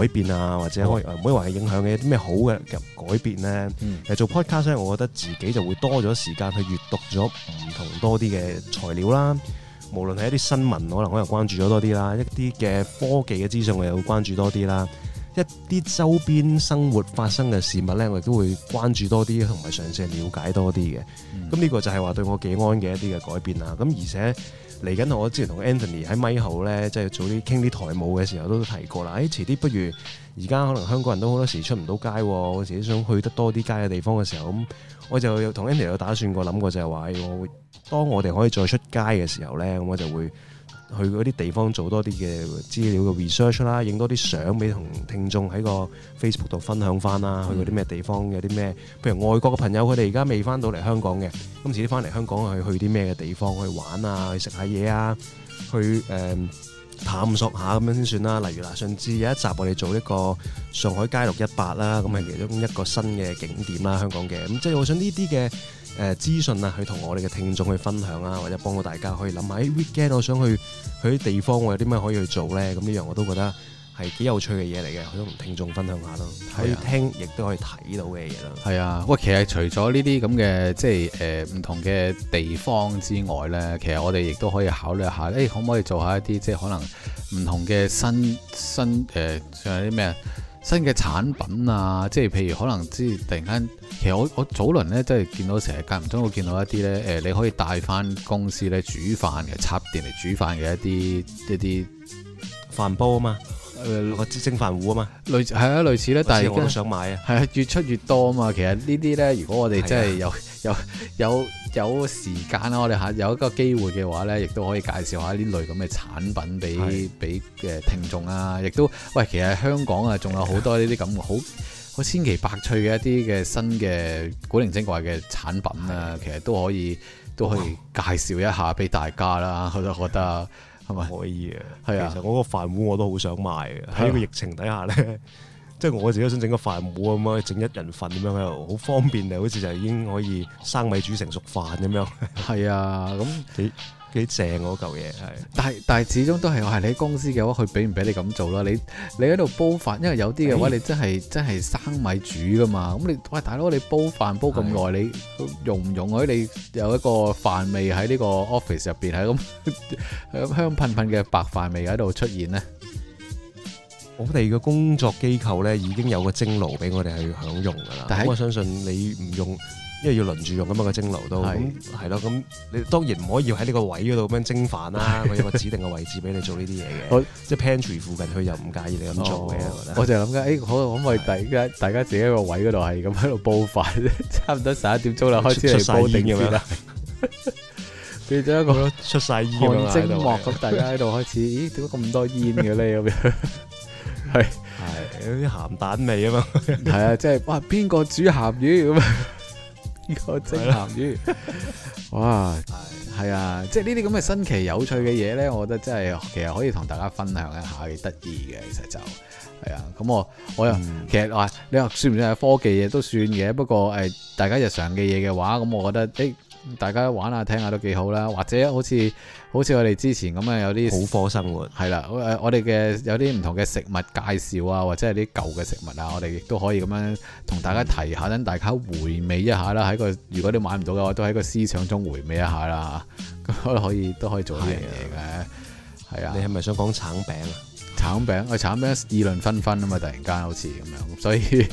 改變啊，或者唔會話影響嘅啲咩好嘅改變呢？嗯、做 podcast 咧，我覺得自己就會多咗時間去閱讀咗唔同多啲嘅材料啦。無論係一啲新聞，可能我又關注咗多啲啦；一啲嘅科技嘅資訊，我又關注多啲啦；一啲周邊生活發生嘅事物呢，我亦都會關注多啲，同埋嘗試係瞭解多啲嘅。咁、嗯、呢個就係話對我幾安嘅一啲嘅改變啊。咁而且。嚟緊，我之前同 Anthony 喺咪後咧，即係做啲傾啲台務嘅時候都提過啦。誒、哎，遲啲不如而家可能香港人都好多時出唔到街喎。我自己想去得多啲街嘅地方嘅時候，咁我就同 Anthony 有打算過，諗過就係話、哎，我會當我哋可以再出街嘅時候咧，咁我就會。去嗰啲地方做多啲嘅資料嘅 research 啦，影多啲相俾同聽眾喺個 Facebook 度分享翻啦。嗯、去嗰啲咩地方有啲咩？譬如外國嘅朋友佢哋而家未翻到嚟香港嘅，今次啲翻嚟香港去去啲咩嘅地方去玩啊？去食下嘢啊？去誒。嗯探索下咁樣先算啦，例如嗱，上次有一集我哋做一個上海街六一八啦，咁係其中一個新嘅景點啦，香港嘅，咁即係我想呢啲嘅誒資訊啊，去同我哋嘅聽眾去分享啊，或者幫到大家可以諗下，誒，weekend 我想去佢啲地方，我有啲咩可以去做咧，咁樣我都覺得。係幾有趣嘅嘢嚟嘅，我都同聽眾分享下咯、啊，可以聽，亦都可以睇到嘅嘢咯。係啊，喂，其實除咗呢啲咁嘅，即係誒唔同嘅地方之外咧，其實我哋亦都可以考慮下，誒、欸、可唔可以做下一啲即係可能唔同嘅新新誒，仲有啲咩新嘅產品啊？即係譬如可能即係突然間，其實我我早輪咧即係見到成日間唔中，會見到一啲咧誒，你可以帶翻公司咧煮飯嘅插電嚟煮飯嘅一啲一啲飯煲啊嘛～誒，個蒸飯壺啊嘛，類係啊，類似咧。但係我都想買啊，係啊，越出越多啊嘛。其實這些呢啲咧，如果我哋真係有有有有時間啊，我哋吓有一個機會嘅話咧，亦都可以介紹下呢類咁嘅產品俾俾嘅聽眾啊。亦都喂，其實香港啊，仲有好多呢啲咁好好千奇百趣嘅一啲嘅新嘅古靈精怪嘅產品啊，其實都可以都可以介紹一下俾大家啦。我都覺得。可以啊，係啊，其實我個飯壺我都好想買嘅。喺呢個疫情底下咧，即係、啊、 我自己都想整個飯壺咁樣整一人份咁樣喺度，好方便嘅，好似就已經可以生米煮成熟飯咁樣。係啊，咁 那。 幾正嗰嚿嘢係，但係但係始終都係我係你喺公司嘅話，佢俾唔俾你咁做啦？你你喺度煲飯，因為有啲嘅話，你真係、欸、真係生米煮噶嘛？咁你喂，大佬，你煲飯煲咁耐，你容唔容許你有一個飯味喺呢個 office 入邊，喺咁 香香噴噴嘅白飯味喺度出現呢。我哋嘅工作機構呢，已經有個蒸爐俾我哋去享用噶啦，咁我相信你唔用。因為要輪住用，咁啊個蒸爐都咁係咯，咁你當然唔可以要喺呢個位嗰度咁樣蒸飯啦，佢有個指定嘅位置俾你做呢啲嘢嘅。即、就是、pantry 附近佢又唔介意你咁做嘅、哦。我就諗緊，誒可可唔可以大家大家自己一個位嗰度係咁喺度煲飯， 差唔多十一點鐘啦，開始嚟煲定嘅啦。變咗一 個出曬汗蒸幕咁，大家喺度開始，咦？點解咁多煙嘅咧？咁樣係係有啲鹹蛋味啊嘛。係 啊，即、就、係、是、哇，邊個煮鹹魚咁啊？ 呢、這個蒸鹹魚， 哇！係啊，即係呢啲咁嘅新奇有趣嘅嘢咧，我覺得真係其實可以同大家分享一下嘅得意嘅，其實就係啊。咁我我又、嗯、其實話你話算唔算係科技嘢都算嘅，不過誒，大家日常嘅嘢嘅話，咁我覺得。哎大家玩下聽下都幾好啦，或者好似好似我哋之前咁樣有啲好課生活係啦，我哋嘅有啲唔同嘅食物介紹啊，或者係啲舊嘅食物啊，我哋亦都可以咁樣同大家提下，等大家回味一下啦。喺個如果你買唔到嘅話，都喺個思想中回味一下啦。咁可以都可以做一樣嘢嘅，係啊。你係咪想講橙餅啊？橙餅啊、哎，橙餅議論紛紛啊嘛，突然間好似咁樣，所以。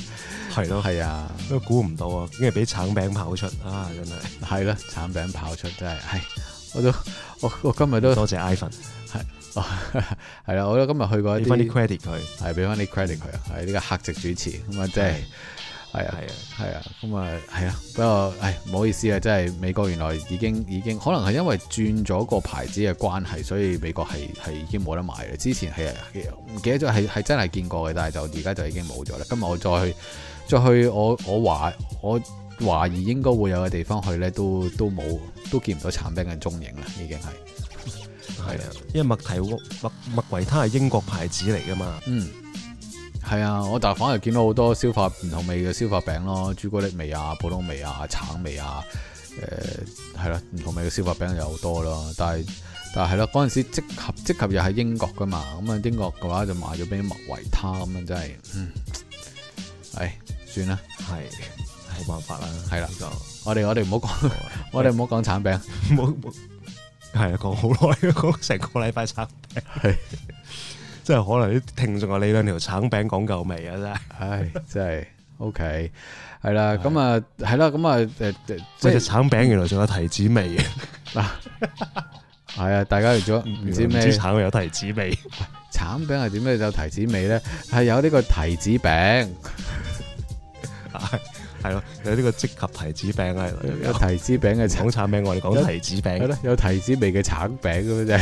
係咯，係啊，都估唔到啊，竟然俾橙餅跑出啊！真係係啦，橙餅跑出真係係。我都我我今日都多謝 Ivan，係係啦。我今日、啊 啊、去過一啲 credit 佢，係俾翻啲 credit 佢啊，係呢、這個客席主持咁、嗯、啊，真係係啊係啊，咁啊係啊。啊嗯、啊啊唉不過誒，唔好意思啊，真係美國原來已經已經可能係因為轉咗個牌子嘅關係，所以美國係係已經冇得賣啦。之前係唔記得咗係係真係見過嘅，但係就而家就已經冇咗啦。今日我再去。再去我我懷我懷疑應該會有嘅地方去咧，都都冇都見唔到橙餅嘅蹤影啦，已經係係啊，因為麥提屋麥麥維他係英國牌子嚟噶嘛，嗯，係啊，我但係反而見到好多消化唔同味嘅消化餅咯，朱古力味啊、普通味啊、橙味啊，誒係啦，唔同味嘅消化餅有好多咯，但係但係係咯，嗰陣時積合積合又係英國噶嘛，咁啊英國嘅話就賣咗俾麥維他咁啊，真係，嗯，誒。算啦，係冇辦法啦，係啦，我哋我哋唔好講，我哋唔好講橙餅，唔好唔係啊，講好耐講成個禮拜橙餅，係真係可能啲聽眾啊，你兩條橙餅講夠味啊，真係，唉，真係，OK，係啦，咁啊，係啦，咁啊，誒，即橙餅原來仲有提子味嗱，係啊 係，大家唔唔知咩橙有提子味，橙餅係點咧有提子味咧，係有呢個提子餅。係係咯，有呢個即夾提子餅啊，有提子餅嘅橙橙餅， 我哋講提子餅，係 咯，有提子味嘅橙餅咁嘅啫，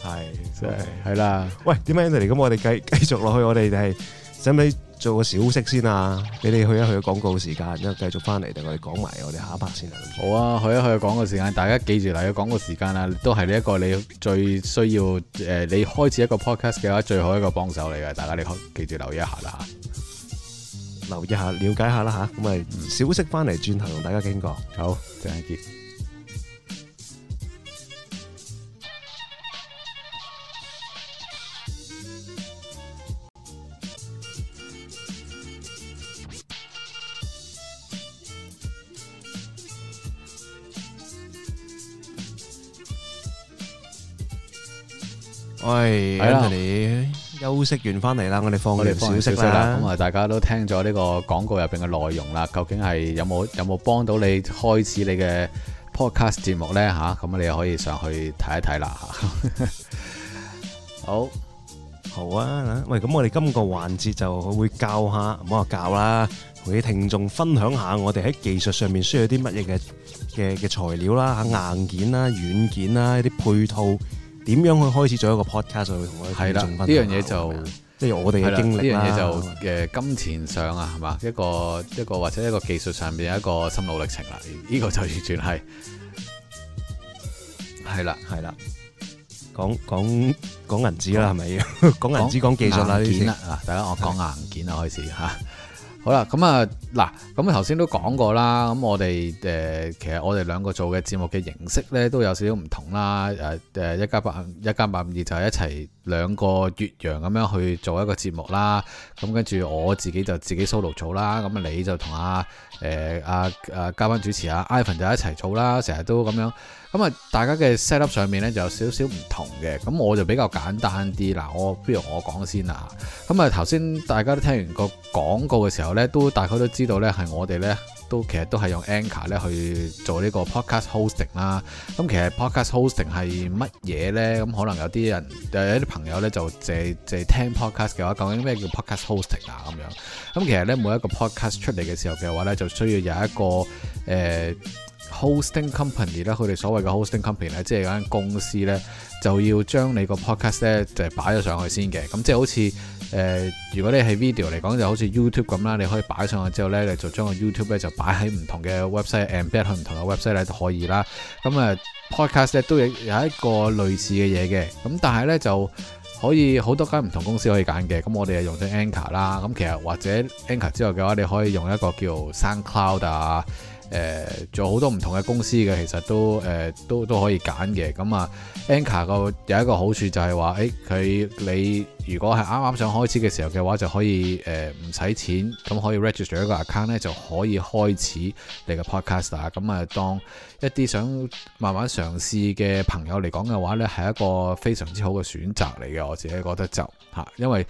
係真係係啦。喂，點解嚟？咁我哋繼繼續落去，我哋就係使唔使？做個小息先啊！你去一去廣告時間，然後繼續翻嚟同我哋講埋我哋下一 part 先啊！好啊，去一去廣告時間，大家記住嚟個廣告時間啊。都係呢一個你最需要誒、呃，你開始一個 podcast 嘅話最好一個幫手嚟嘅，大家你可記住留意一下啦嚇，留意一下了解一下啦嚇，咁咪小息翻嚟轉頭同大家傾過、嗯。好，等下見。係啦，你休息完翻嚟啦，我哋放少少息啦。咁啊，大家都聽咗呢個廣告入邊嘅內容啦，究竟係有冇有冇幫到你開始你嘅 podcast 節目咧？吓，咁你又可以上去睇一睇啦。好好啊，喂，咁我哋今個環節就會教下，唔好話教啦，同啲聽眾分享下，我哋喺技術上面需要啲乜嘢嘅嘅嘅材料啦，吓硬件啦、軟件啦，一啲配套。點樣去開始做一個 podcast？上去同我係啦，呢樣嘢，就即係我哋嘅經歷。呢樣嘢就嘅金錢上啊，係嘛，一個一個或者一個技術上邊一個心路歷程啦。呢、呢個就完全係係啦係啦，講講講銀紙啦，係咪、嗯、要講銀紙講技術啦呢啲先。大家我講硬件啊，開始吓。好啦，咁啊嗱，咁頭先都講過啦，咁我哋誒其實我哋兩個做嘅節目嘅形式咧都有少少唔同啦，誒誒一家八一家八五二就係一齊兩個越洋咁樣去做一個節目啦，咁跟住我自己就自己 solo 做啦，咁啊你就同阿誒阿阿嘉賓主持啊，Ivan 就一齊做啦，成日都咁樣。咁啊，大家嘅 set up 上面咧就有少少唔同嘅，咁我就比較簡單啲。嗱，我不如我講先啦。咁啊，頭先大家都聽完個廣告嘅時候咧，都大概都知道咧，係我哋咧都其實都係用 Anchor 咧去做呢個 podcast hosting 啦。咁其實 podcast hosting 係乜嘢咧？咁可能有啲人誒，有啲朋友咧就淨係聽 podcast 嘅話，究竟咩叫 podcast hosting 啊？咁樣咁其實咧，每一個 podcast 出嚟嘅時候嘅話咧，就需要有一個誒，呃 Hosting company 咧，佢哋所謂嘅 hosting company 咧，即係有間公司咧，就要將你個 podcast 咧，就擺咗上去先嘅。咁即係好似、呃、如果你係 video 嚟講，就好似 YouTube 咁啦，你可以擺上去之後咧，你就將個 YouTube 咧就擺喺唔同嘅 website embed 去唔同嘅 website 咧都可以啦。咁啊，podcast 咧都有一個類似嘅嘢嘅。咁但係咧就可以好多間唔同公司可以揀嘅。咁我哋係用咗 Anchor 啦。咁其實或者 Anchor 之外嘅話，你可以用一個叫 SoundCloud 啊。誒、呃、做好多唔同嘅公司嘅，其實都、呃、都都可以揀嘅。咁啊，Anchor 個有一個好處就係話，佢、哎、你如果係啱啱想開始嘅時候嘅話，就可以誒唔使錢，咁可以 register 一個 account 咧，就可以開始你個 podcast 啊。咁啊，當一啲想慢慢嘗試嘅朋友嚟講嘅話呢，係一個非常之好嘅選擇嚟嘅，我自己覺得就嚇，因為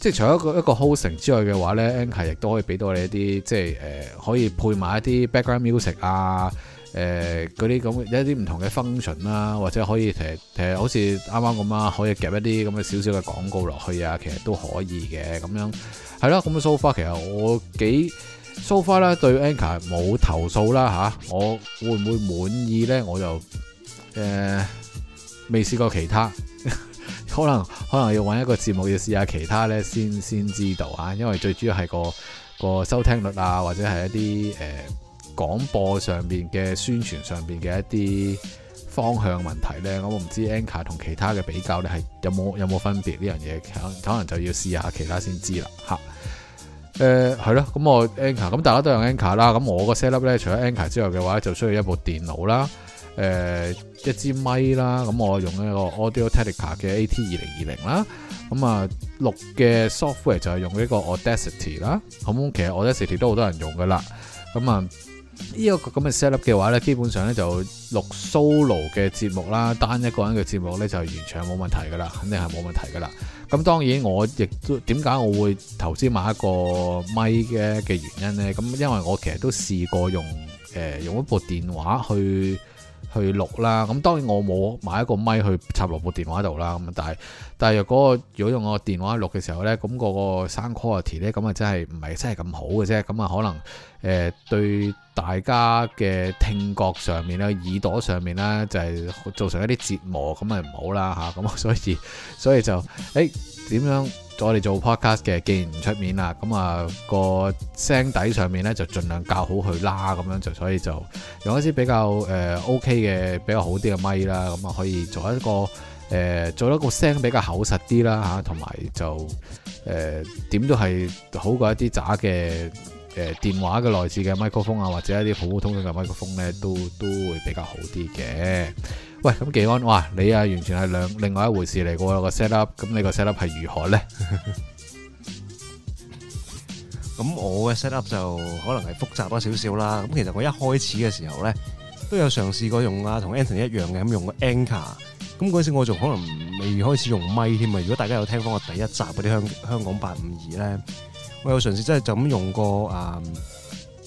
即係除咗一個一個 hosting 之外嘅話咧，Anchor 亦都可以俾到你一啲即係、呃、可以配埋一啲 background music 啊，誒嗰啲咁一啲唔同嘅 function 啦，或者可以其實好似啱啱咁啊，可以夾一啲咁嘅少少嘅廣告落去啊，其實都可以嘅咁樣。係啦咁樣 so far 其實我幾 so far 咧對 Anchor 冇投訴啦嚇，我會唔會滿意咧？我就誒未試過其他。可能可能要揾一個節目要試下其他呢，先先知道啊！因為最主要係個個收聽率啊，或者係一啲誒、呃、廣播上邊嘅宣傳上邊嘅一啲方向問題呢，我唔知 Anchor 同其他嘅比較呢，係有冇有冇分別呢樣嘢，可能就要試下其他先知啦吓、啊。誒係咯，咁、呃、我 Anchor 咁，大家都用 Anchor 啦。咁我個 set up 呢，除咗 Anchor 之外嘅話，就需要一部電腦啦。誒、呃、一支咪啦，咁我用一個 Audio Technica 嘅 A T 二零二零啦。咁啊錄嘅 software 就係用呢個 Audacity 啦。咁其實 Audacity 都好多人用噶啦。咁啊呢個咁嘅 set up 嘅話呢，基本上呢就錄 solo 嘅節目啦，單一個人嘅節目呢就完全冇問題噶啦，肯定係冇問題噶啦。咁當然我亦都點解我會投資買一個咪嘅嘅原因呢？咁因為我其實都試過用誒、呃、用一部電話去。去錄啦，咁當然我冇買一個咪去插落部電話度啦，咁但係但係若果如果用我個電話錄嘅時候呢，咁、那個個聲 quality 呢，咁啊真係唔係真係咁好嘅啫，咁啊可能誒、呃、對大家嘅聽覺上面咧、耳朵上面呢，就係、是、造成一啲折磨，咁啊唔好啦嚇，咁所以所以就誒點、欸、樣？我哋做 podcast 嘅，既然唔出面啦，咁啊、個聲底上面咧就儘量教好佢啦，咁樣就所以就用一啲比較誒、呃、OK 嘅比較好啲嘅咪啦，咁啊可以做一個誒、呃、做一個聲比較厚實啲啦嚇，同、啊、埋就誒點、呃、都係好過一啲渣嘅誒電話嘅內置嘅麥克風啊，或者一啲普普通通嘅麥克風咧，都都會比較好啲嘅。喂，咁幾安？哇，你啊，完全係兩另外一回事嚟嘅喎。個 set up，咁你個 set up 係如何咧？咁 我嘅 set up 就可能係複雜多少少啦。咁其實我一開始嘅時候咧，都有嘗試過用啊，同 Anthony 一樣嘅咁用個 Anchor。咁嗰陣時我仲可能未開始用咪添啊。如果大家有聽翻我第一集嗰啲香香港八五二咧，我有嘗試真係就咁用個啊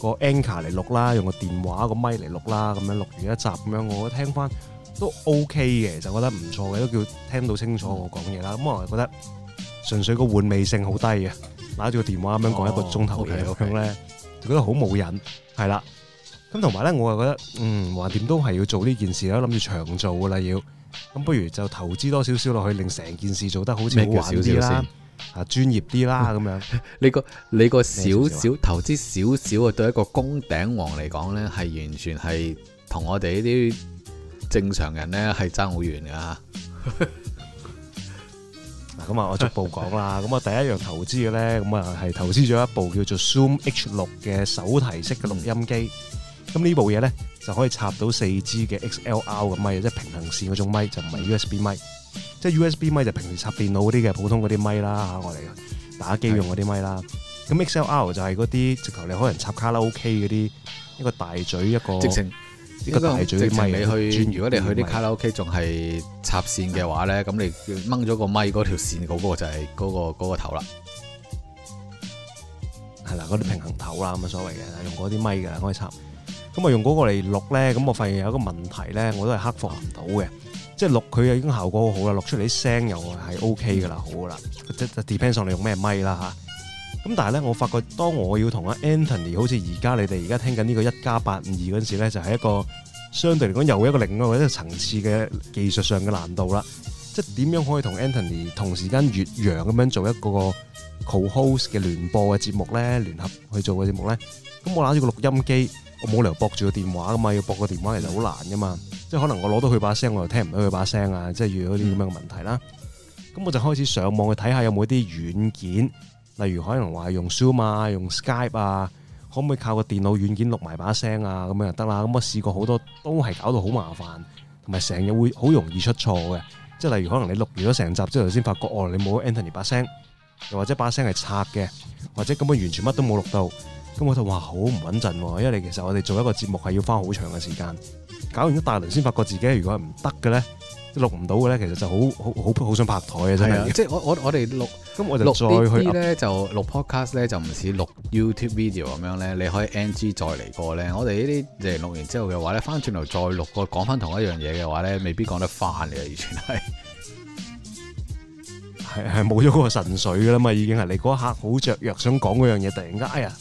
個 Anchor 嚟錄啦，用個電話個咪嚟錄啦，咁樣錄完一集咁樣，我聽翻。都 OK 嘅，就覺得唔錯嘅，都叫聽到清楚我講嘢啦。咁、嗯、我係覺得純粹個玩味性好低嘅，拿住個電話咁樣講一個鐘頭嘅咁咧，就覺得好冇癮係啦。咁同埋咧，我係覺得嗯，橫掂都係要做呢件事啦，諗住長做噶啦要。咁不如就投資多少少落去，令成件事做得好似好玩啲啦，啊專業啲啦咁樣。你個你個少少投資少少啊，對一個工頂王嚟講咧，係完全係同我哋呢啲。正常人咧係爭好遠噶，嗱咁啊， 我逐步講啦。咁啊，第一樣投資嘅咧，咁啊係投資咗一部叫做 Zoom H 六嘅手提式嘅錄音機。咁呢部嘢咧就可以插到四支嘅 XLR 嘅咪，即係平衡線嗰種咪，就唔係 USB 咪。即係 USB 咪就平時插電腦嗰啲嘅普通嗰啲咪啦吓，我哋打機用嗰啲咪啦。咁 XLR 就係嗰啲直頭你可能插卡拉 OK 嗰啲，一個大嘴一個。呢個係直情你去，如果你去啲卡拉 OK 仲係插線嘅話咧，咁你掹咗個咪嗰條線嗰個就係嗰個嗰個頭啦，係啦，嗰啲平衡頭啦咁嘅所謂嘅，用嗰啲咪噶，可以插。咁啊用嗰個嚟錄咧，咁我發現有一個問題咧，我都係克服唔到嘅，即係錄佢又已經效果好啦，錄出嚟啲聲又係 OK 噶啦，好噶啦，即係 depends on 你用咩咪啦嚇。咁但係咧，我發覺當我要同阿 Anthony 好似而家你哋而家聽緊呢個一家八五二嗰陣時咧，就係一個相對嚟講又一個另外一個層次嘅技術上嘅難度啦。即係點樣可以同 Anthony 同時間越洋咁樣做一個個 co-host 嘅聯播嘅節目咧，聯合去做嘅節目咧？咁我攞住個錄音機，我冇理由駁住個電話噶嘛，要駁個電話其實好難噶嘛。即係可能我攞到佢把聲，我又聽唔到佢把聲啊，即係遇到啲咁樣嘅問題啦。咁我就開始上網去睇下有冇啲軟件。例如可能話用 Zoom 啊，用 Skype 啊，可唔可以靠個電腦軟件錄埋把聲啊？咁樣就得啦。咁我試過好多都係搞到好麻煩，同埋成日會好容易出錯嘅。即係例如可能你錄完咗成集之後先發覺，哦，你冇 Anthony 把聲，又或者把聲係拆嘅，或者根本完全乜都冇錄到。咁我就話好唔穩陣啊，因為你其實我哋做一個節目係要花好長嘅時間，搞完一大輪先發覺自己如果係唔得嘅咧。錄唔到嘅咧，其實就好好好好想拍台嘅，真係。即係我我我哋錄，咁我就再去。呢啲咧就錄 podcast 咧，就唔似錄 YouTube video 咁樣咧。你可以 NG 再嚟過咧。我哋呢啲誒錄完之後嘅話咧，翻轉頭再錄個講翻同一樣嘢嘅話咧，未必講得翻嘅，完全係係係冇咗嗰個神髓噶啦嘛。已經係你嗰一刻好雀躍想講嗰樣嘢，突然間哎呀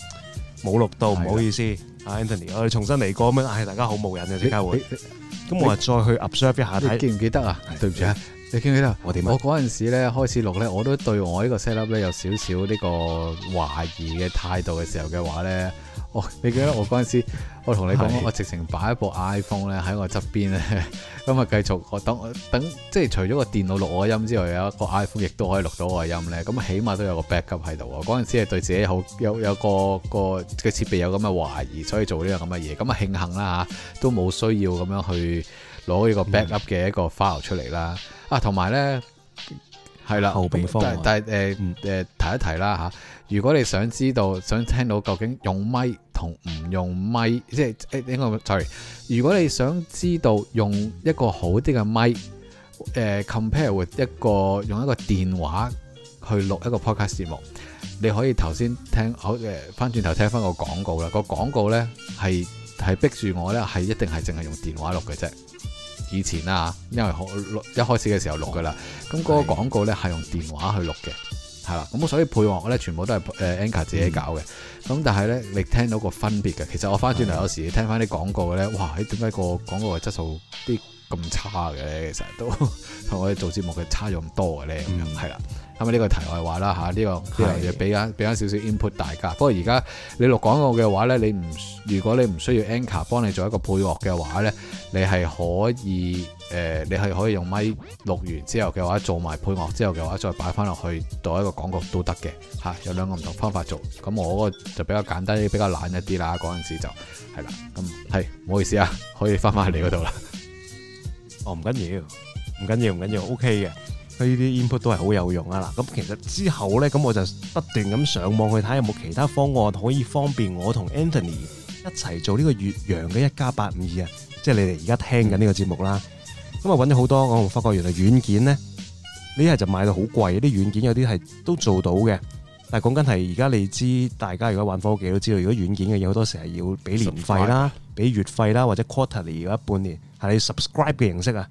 冇錄到，唔好意思啊，Anthony，我哋重新嚟過咁樣。唉，大家好冇癮嘅即刻會。咁我話再去 absorb 一下睇，你你記唔記得啊？對唔住啊，你記唔記得我點？我嗰陣時咧開始錄咧，我都對我個 setup 呢個 set up 咧有少少呢個懷疑嘅態度嘅時候嘅話咧。哦，你記得我嗰陣時我，我同你講，我直情擺一部 iPhone 咧喺我側邊咧，咁啊繼續我等等，即係除咗個電腦錄我音之外，一有一個 iPhone 亦都可以錄到我音咧，咁起碼都有個 backup 喺度喎。嗰陣時係對自己好，有有個有個嘅設備有咁嘅懷疑，所以做呢、這個、樣咁嘅嘢。咁啊慶幸啦、啊、都冇需要咁樣去攞呢個 backup 嘅一個 file 出嚟啦、嗯。啊，同埋咧，係啦，後備方案。但係誒、呃呃呃呃呃，提一提啦、啊如果你想知道，想聽到究竟用咪同唔用咪，即係誒、哎，應該 sorry。如果你想知道用一個好啲嘅咪誒、呃、compare with 一個用一個電話去錄一個 podcast 節目，你可以頭先聽我誒翻轉頭聽翻個廣告啦。個廣告呢係係逼住我呢，係一定係淨係用電話錄嘅啫。以前啦、啊、因為我一開始嘅時候錄嘅啦，咁嗰個廣告呢係用電話去錄嘅。係啦，咁所以配樂咧全部都係誒 anchor 自己搞嘅。咁、嗯、但係咧，你聽到個分別嘅，其實我翻轉頭有時的聽翻啲廣告嘅咧，哇，你點解個廣告嘅質素啲咁差嘅咧？其實都同我哋做節目嘅差咗咁多嘅咧，咁樣係啦。咁啊呢個題外話啦吓，呢、這個係啊俾翻俾翻少少 input 大家。不過而家你錄廣告嘅話咧，你唔如果你唔需要 anchor 幫你做一個配樂嘅話咧，你係可以。誒、呃，你係可以用咪錄完之後嘅話，做埋配樂之後嘅話，再擺翻落去做一個廣告都得嘅吓。有兩個唔同方法做，咁我個就比較簡單啲，比較懶一啲啦。嗰陣時就係啦，咁係唔好意思啊，可以翻翻去你嗰度啦。哦，唔緊要，唔緊要，唔緊要，OK 嘅。佢呢啲 input 都係好有用啊。嗱，咁其實之後咧，咁我就不斷咁上網去睇有冇其他方案可以方便我同 Anthony 一齊做呢個越洋嘅一加八五二啊，即係你哋而家聽緊呢個節目啦。咁啊，揾咗好多，我發覺原來軟件咧，呢一係就賣到好貴，啲軟件有啲係都做到嘅。但係講緊係而家你知道，大家如果玩科技都知道，如果軟件嘅嘢好多時係要俾年費啦、俾月費啦，或者 quarterly，如果半年係你 subscribe 嘅形式啊。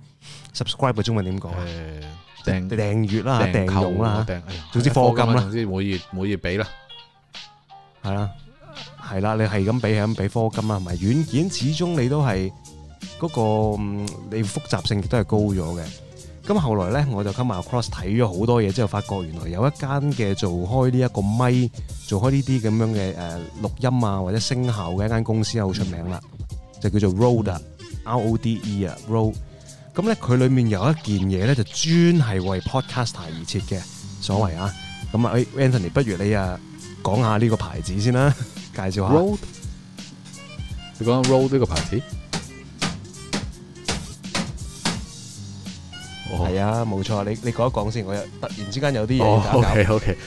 subscribe 嘅中文點講啊？誒、呃，訂訂閱啦，訂購啦，哎，總之課金啦，總之，啊、每月每月俾啦，係啦，係啦，你係咁俾，係咁俾課金啊，係咪？軟件始終你都係。嗰個你複雜性亦都係高咗嘅。咁後來咧，我就 come across 睇咗好多嘢之後，發覺原來有一間嘅做開呢一個咪，做開呢啲咁樣嘅誒錄音啊或者聲效嘅一間公司好出名啦，就叫做 Rode R O D E 啊，Rode。咁咧佢裡面有一件嘢咧，就專係為 podcaster 而設嘅，所謂啊。咁啊，Anthony，不如你啊講下呢個牌子先啦，介紹下。Rode，你講 Rode 呢個牌子？係、oh. 啊，冇錯，你你講一講先，我又突然之間有啲嘢。OK OK。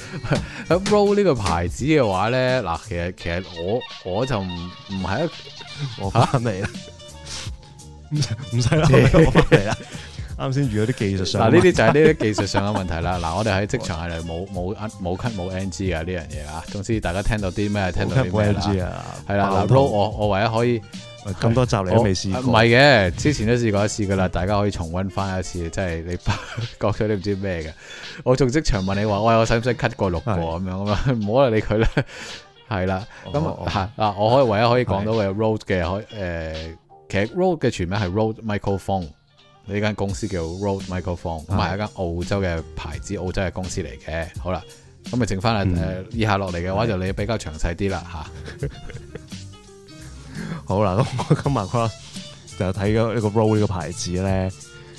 roll 呢個牌子嘅話咧，嗱，其實其實我我就唔唔係啊。我翻嚟啦，唔使唔使啦，翻嚟啦，啱先遇到啲技術上。嗱，呢啲就係呢啲技術上嘅問題啦。嗱，我哋喺職場係冇冇冇冇 NG 嘅呢樣嘢啊。總之大家聽到啲咩，聽到啲咩啦。係啦、啊，嗱、啊、l、啊啊啊啊啊啊、我我,我唯一可以。咁多集你都未試過？唔係嘅，之前都試過一次噶啦，嗯、大家可以重溫翻一次。真係你 各出都唔知咩嘅。我仲即場問你話，我使唔使 cut 過六個咁樣咁啊？唔好理佢啦。係啦，咁、哦、嗱、嗯嗯，我可以唯一可以講到嘅 Rode 嘅，可誒、呃，其實 Rode 嘅全名係 Rode Microphone。呢間公司叫 Rode Microphone，係一間澳洲嘅牌子，澳洲嘅公司嚟嘅。好啦，咁咪剩翻嚟誒，嗯、以下落嚟嘅話就你比較詳細啲啦吓。嗯 好啦，咁我今日就睇咗呢個 Roll 呢個牌子咧，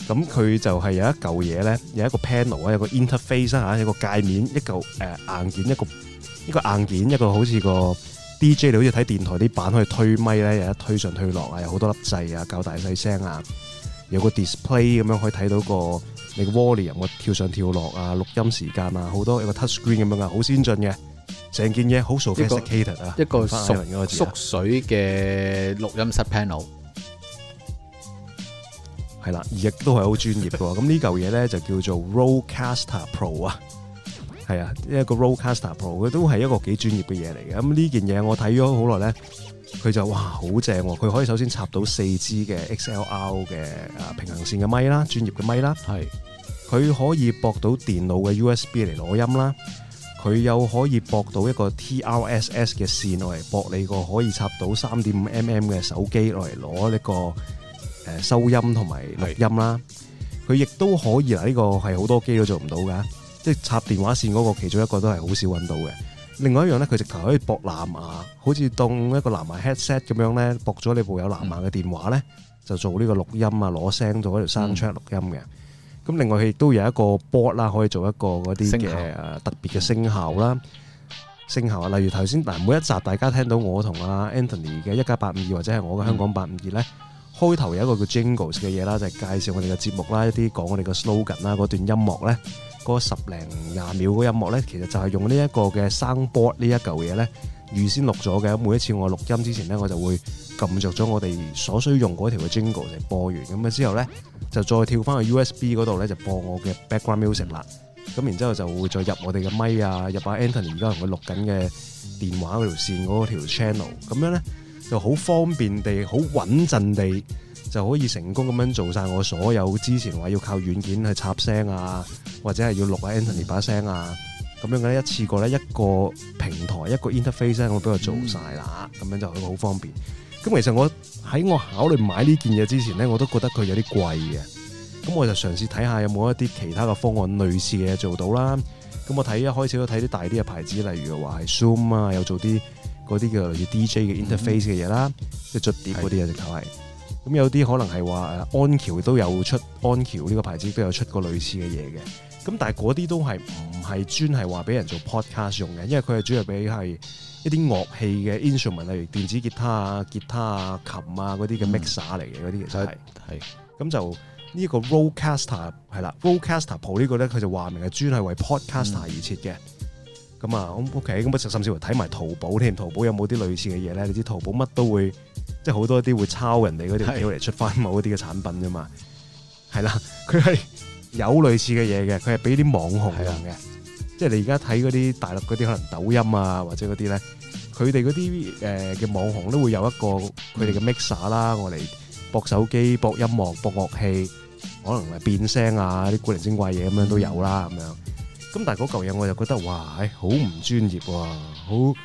咁佢就係有一嚿嘢咧，有一個 panel 啊，有個 interface 啊，有個界面，一嚿誒、呃、硬件，一個呢個硬件，一個好似個 DJ，你好似睇電台啲板可以推咪咧，有一推上推落啊，有好多粒掣啊，較大細聲啊，有一個 display 咁樣可以睇到個你個 volume 個跳上跳落啊，錄音時間啊，好多有一個 touch screen 咁樣啊，好先進嘅。成件嘢好熟，sophisticated 啊，一個縮水嘅錄音室 panel，係啦，亦都係好專業嘅。咁呢嚿嘢咧就叫做 RODECaster Pro 啊，係啊，一個 RODECaster Pro，佢都係一個幾專業嘅嘢嚟嘅。咁呢件嘢我睇咗好耐咧，佢就哇，好正，佢可以首先插到四支嘅 XLR 嘅啊，平衡線嘅咪啦，專業嘅咪啦，係佢可以駁到電腦嘅 USB 嚟攞音啦。佢有可以駁到一個 TRSS 嘅線嚟駁你個，可以插到三點五 mm 嘅手機嚟攞呢個誒收音同埋錄音啦。佢亦都可以嗱，呢個係好多機都做唔到噶，即係插電話線嗰個其中一個都係好少揾到嘅。另外一樣咧，佢直頭可以駁藍牙，好似當一個藍牙 headset 咁樣咧，駁咗你一部有藍牙嘅電話咧，就做呢個錄音啊，攞聲做嗰條 soundtrack 錄音嘅。咁另外佢亦都有一個波啦，可以做一個嗰啲嘅特別嘅聲效啦，聲效。例如頭先嗱，每一集大家聽到我同啊 Anthony 嘅一家八五二，或者係我嘅香港八五二咧，開頭有一個叫 jingles 嘅嘢啦，就係介紹我哋嘅節目啦，一啲講我哋嘅 slogan 啦，嗰段音樂咧，嗰十零廿秒嗰音樂咧，其實就係用呢一個嘅生波呢一嚿嘢咧，預先錄咗嘅。每一次我錄音之前咧，我就會撳著咗我哋所需用嗰一條嘅 jingle 嚟播完咁啊之後咧。就再跳翻去 USB 嗰度咧，就播我嘅 background music 啦。咁然之後就會再入我哋嘅咪啊，入把、啊、Anthony 而家同佢錄緊嘅電話嗰條線嗰條 channel。咁樣咧就好方便地、好穩陣地，就可以成功咁樣做晒我所有之前話要靠軟件去插聲啊，或者係要錄阿、啊、Anthony 把聲啊咁樣嘅咧，一次過咧一個平台一個 interface 咧，我俾佢做晒啦。咁樣就好、嗯、方便。咁其實我。喺我考慮買呢件嘢之前咧，我都覺得佢有啲貴嘅，咁我就嘗試睇下有冇一啲其他嘅方案類似嘅做到啦。咁我睇一開始都睇啲大啲嘅牌子，例如話係 Zoom 啊，有做啲嗰啲嘅類似 DJ 嘅 interface 嘅嘢啦，即係捽碟嗰啲嘢直頭係。咁有啲可能係話安橋都有出，安橋呢個牌子都有出過類似嘅嘢嘅。咁但係嗰啲都係唔係專係話俾人做 podcast 用嘅，因為佢係主要俾係。一啲樂器嘅 instrument，例如電子吉他啊、吉他啊、琴啊嗰啲嘅 mixer 嚟嘅嗰啲，其實係係咁就 Rocaster，呢一個 Rocaster 係啦，Rocaster Pro 呢個咧，佢就話明係專係為 podcaster 而設嘅。咁、嗯、啊，咁、嗯、OK，咁就甚至乎睇埋淘寶添，淘寶有冇啲類似嘅嘢咧？你知淘寶乜都會即係好多啲會抄人哋嗰啲嘢嚟出翻某啲嘅產品啫嘛。係啦，佢係有類似嘅嘢嘅，佢係俾啲網紅用嘅。即係你而家睇嗰啲大陸嗰啲可能抖音啊，或者嗰啲咧，佢哋嗰啲誒嘅網紅都會有一個佢哋嘅 mixer 啦，我嚟駁手機、駁音樂、駁樂器，可能係變聲啊，啲古靈精怪嘢咁樣都有啦，咁樣。咁但係嗰嚿嘢我就覺得哇，誒好唔專業喎，好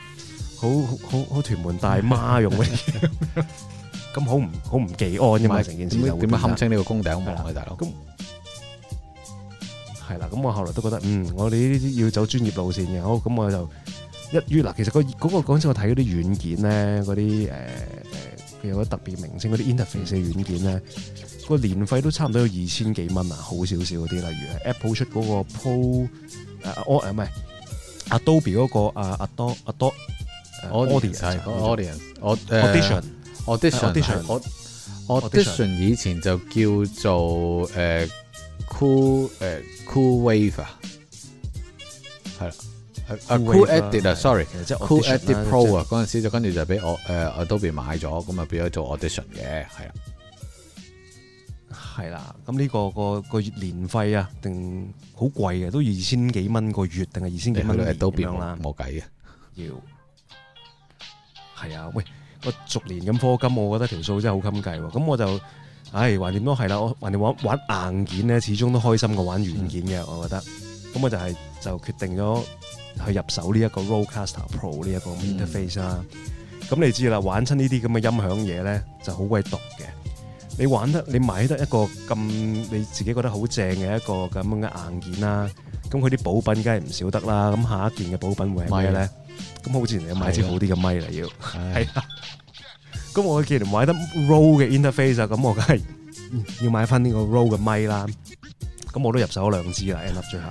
好好好屯門大媽用嗰啲嘢，咁好唔好唔幾安嘅嘛成件事，點樣冚清呢個工頂？係啦，大佬。係啦，咁我後來都覺得，嗯，我哋呢啲要走專業路線嘅，好，咁我就一於嗱。其實、嗰個嗰、嗰個講真，嗰個、我睇嗰啲軟件咧，嗰啲誒誒，呃、有啲特別明星嗰啲 interface 嘅軟件咧，嗰個年費都差唔多有二千幾蚊啊，好少少啲。例如 Apple 出嗰個 Pro 唔係 Adobe 嗰個啊，阿多阿多 Audience，Audience，Audition，Audition，Audition，Audition 以前就叫做誒。Uh, Cool 誒、uh,，Cool Wave 啊，係啦，Cool Edit 啊，Sorry，Cool Edit Pro 啊，嗰陣時就跟住就俾我誒，Adobe 買咗，咁啊變咗做 Audition 嘅，係啊，係啦，咁呢個個個年費啊，定好貴啊，都二千幾蚊個月，定係二千幾蚊咁樣啦，冇計啊，要，係啊，喂，我逐年咁科金，我覺得條數真係好襟計，咁我就。唉、哎，橫掂都係啦，橫掂玩玩硬件咧，始終都開心過玩軟件嘅，我覺得。咁、嗯、我就係就決定咗去入手呢一個 Rodecaster Pro 呢一個 interface 啦、啊。咁、嗯、你知啦，玩親呢啲咁嘅音響嘢咧，就好鬼毒嘅。你玩得，你買得一個咁你自己覺得好正嘅一個咁樣嘅硬件啦，咁佢啲補品梗係唔少得啦。咁下一件嘅補品會係咩咧？咁好似然好自然要買支好啲嘅咪嚟要。係。 咁我既然買得 Rode 嘅 interface 啊，咁我梗係要買翻呢個 Rode 嘅咪啦。咁我都入手咗兩支啦，end up 最後。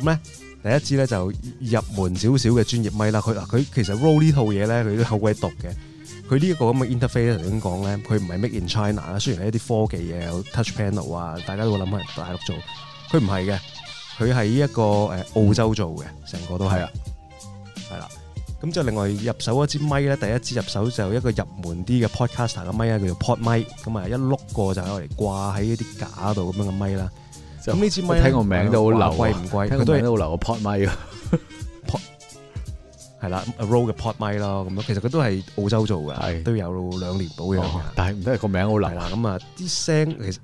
咁咧第一支咧就入門少少嘅專業咪啦。佢，嗱佢其實 Rode 呢套嘢咧，佢都好鬼毒嘅。佢呢一個咁嘅 interface 頭先講咧，佢唔係 make in China 啦。雖然係一啲科技嘢，touch panel 啊，大家都會諗翻大陸做，佢唔係嘅，佢係呢一個誒澳洲做嘅，成個都係啦，係啦。咁就另外入手一支咪咧，第一支入手就一個入門啲嘅 Podcaster 嘅咪啊，叫做 Pod 咪。咁啊，一碌過就係我嚟掛喺一啲架度咁樣嘅咪啦。咁呢支咪睇個名都好流，貴唔貴？睇個名都好流個 Pod 咪。Pod 係啦，Roll 嘅 Pod 咪咯。咁樣其實佢都係澳洲做噶，都有兩年保養。但係唔都係個名好流。咁啊，啲聲其實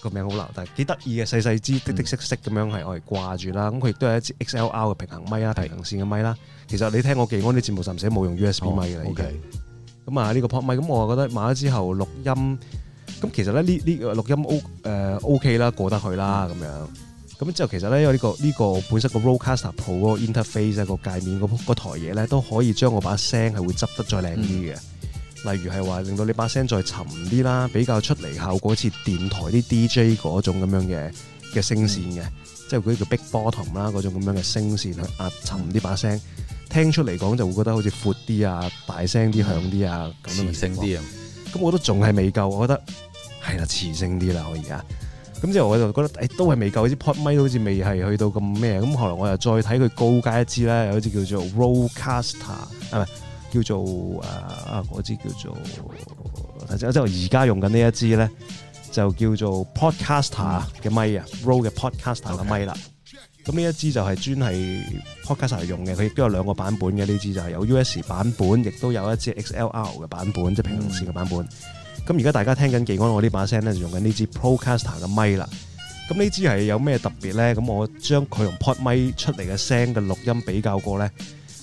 個名好流，但係幾得意嘅細細支、滴滴色色咁樣係我嚟掛住啦。咁佢亦都係一支 XLR 嘅平衡咪啊、平衡線嘅咪啦。其實你聽我記安啲節目，甚至都冇用 U S B 麥嘅啦。O K，咁啊呢個 Pod 麥咁，我覺得買咗之後錄音咁，其實咧呢呢錄音 O 誒 O K 啦，過得去啦咁樣。咁之後其實咧，因為呢個呢個本身個 Rodecaster Pro 嗰個 interface 個界面嗰嗰台嘢咧，都可以將我把聲係會執得再靚啲嘅。例如係話令到你把聲再沉啲啦，比較出嚟效果似電台啲 D J 嗰種咁樣嘅嘅聲線嘅，即係嗰啲叫 Big Bottom 啦嗰種咁樣嘅聲線去壓沉呢把聲。聽出嚟講就會覺得好似闊啲啊，大聲啲，響、嗯、啲啊，磁性啲啊。咁我都仲係未夠，我覺得係啦，磁性啲啦，我而家咁之後我就覺得誒，都係未夠，似 pod 麥都好似未係去到咁咩。咁後來我又再睇佢高階一支有好似叫做 Rollcaster，係咪？叫做誒啊，嗰支叫做即係我而家用緊呢一支咧，就叫做 Podcaster 嘅麥啊，Roll 嘅 Podcaster 嘅麥啦。Okay. 咁呢一支就係專係 Procaster 用嘅，佢亦都有兩個版本嘅呢支就係有 US 版本，亦都有一支 XLR 嘅版本，嗯、即平衡線嘅版本。咁而家大家聽緊記安我呢把聲咧，就用緊呢支 Procaster 嘅咪啦。咁呢支係有咩特別咧？咁我將佢用 Pod 麥出嚟嘅聲嘅錄音比較過咧，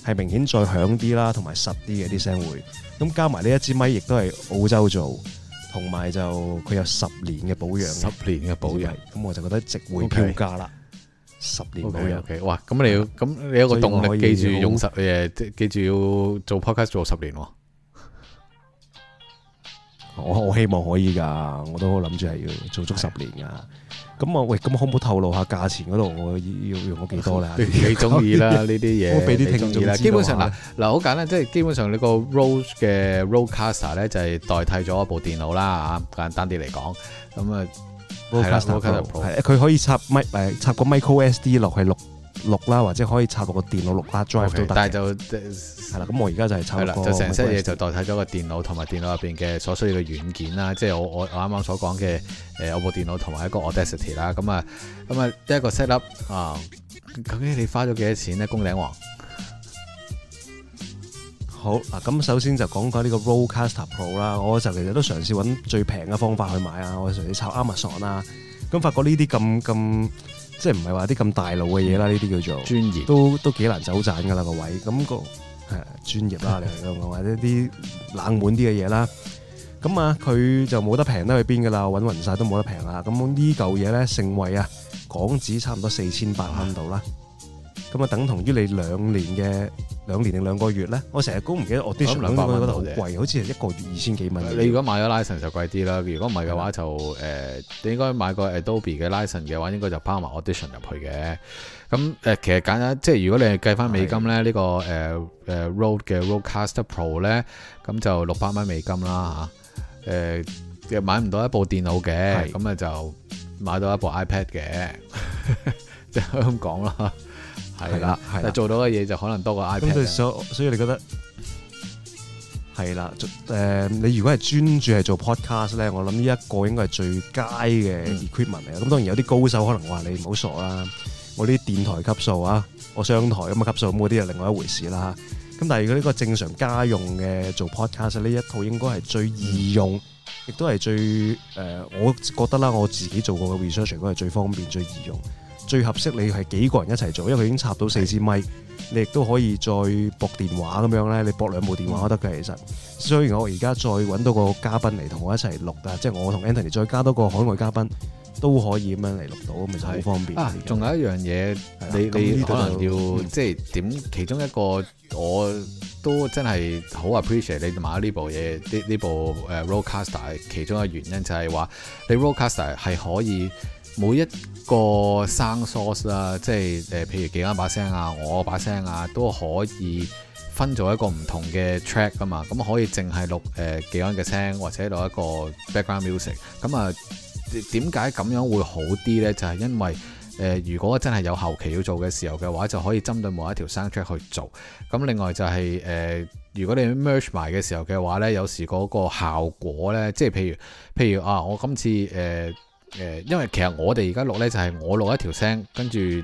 係明顯再響啲啦，同埋實啲嘅啲聲會。咁加埋呢一支咪，亦都係澳洲做，同埋就佢有十年嘅保養，十年嘅保養。咁我就覺得值回票價啦。Okay. 十年冇入嘅，哇！咁你要咁你有個動力，記住用十誒，記住要做 podcast 做十年喎。我我希望可以噶，我都諗住係要做足十年噶。咁啊，喂，咁可唔可以透露下價錢嗰度，我要用咗幾多咧？你中意啦，呢啲嘢，我俾啲聽眾啦。基本上嗱嗱好簡單，即係基本上你個 Rode 嘅 RodeCaster 咧就係代替咗一部電腦啦啊！簡單啲嚟講，咁啊。係啦，係佢可以插 mic 誒，插個 micro SD 落去錄錄啦，或者可以插個電腦錄啦。hard drive 都得嘅。但係就係啦，咁我而家就係插。係啦，就成 set 嘢就代替咗個電腦同埋電腦入邊嘅所需要嘅軟件啦。即係我剛剛、呃、我我啱啱所講嘅誒，有部電腦同埋一個 Audacity 啦。咁啊咁啊，一個 set up 啊，究竟你花咗幾多錢咧？公領王。好嗱，咁首先就講講呢個 Rollcaster Pro 啦。我就其實都嘗試揾最平嘅方法去買啊。我嘗試炒 Amazon 啦，咁發覺呢啲咁咁即係唔係話啲咁大路嘅嘢啦，呢啲叫做專業，都都幾難走盞㗎喇個位。咁、嗰個係專業啦，或者啲冷門啲嘅嘢啦。咁啊，佢就冇得平得去邊噶、啊、啦，揾勻晒都冇得平啊。咁呢嚿嘢咧，盛惠啊港紙差唔多四千八噉度啦。咁啊，等同於你兩年嘅兩年定兩個月咧？我成日講唔記得 Audition，我，我 Audition 兩百蚊嗰度好貴，好似係一個月二千幾蚊。你如果買咗 license 就貴啲啦，如果唔係嘅話就、呃、你應該買個 Adobe 嘅 license 嘅話，應該就包埋 Audition 入去嘅。咁、呃、其實簡單，即係如果你係計翻美金咧，呢個呃、Rode 呢個誒 Rode 嘅 Rodecaster Pro 咧，咁就六百蚊美金啦嚇。誒、呃，買唔到一部電腦嘅，咁啊就買到一部 iPad 嘅，即係香港啦。 係啦，係啦，但做到嘅嘢就可能多過 iPad。所以所以你覺得係啦，誒、呃，你如果係專注係做 podcast 咧，我諗呢一個應該係最佳嘅 equipment 嚟。咁當然有啲高手可能我話你唔好傻啦，我啲電台級數啊，我的商台咁嘅級數咁嗰啲係另外一回事啦。咁但係如果呢個正常家用嘅做 podcast 呢一套應該係最易用，亦都係最誒、呃，我覺得啦，我自己做過嘅 research 都係最方便最易用。最合適的是你係幾個人一齊做，因為佢已經插到四支咪，你亦都可以再駁電話咁樣咧，你駁兩部電話都得㗎。其實，雖然我而家再揾到個嘉賓嚟同我一齊錄啊，即係我同 Anthony 再加多個海外嘉賓都可以咁樣嚟錄到，咁咪就好方便。仲、啊、有一樣嘢，你你可能要即係點？其中一個、嗯、我都真係好 appreciate 你買呢部嘢，呢呢部誒 roadcaster 其中一個原因就係話，你 roadcaster 係可以。每一個 sound source 即係譬如紀安把聲啊，我把聲啊，都可以分做一個唔同嘅 track 噶嘛。咁可以淨係錄誒紀安嘅聲，或者錄一個 background music。咁啊，點解咁樣會好啲呢？就係因為誒，如果真係有後期要做嘅時候嘅話，就可以針對每一條 sound track 去做。咁另外就係誒，如果你 merge 埋嘅時候嘅話呢，有時嗰個效果呢，即係譬如譬如啊，我今次，呃誒，因為其實我哋而家錄呢，就係我錄一條聲，跟住誒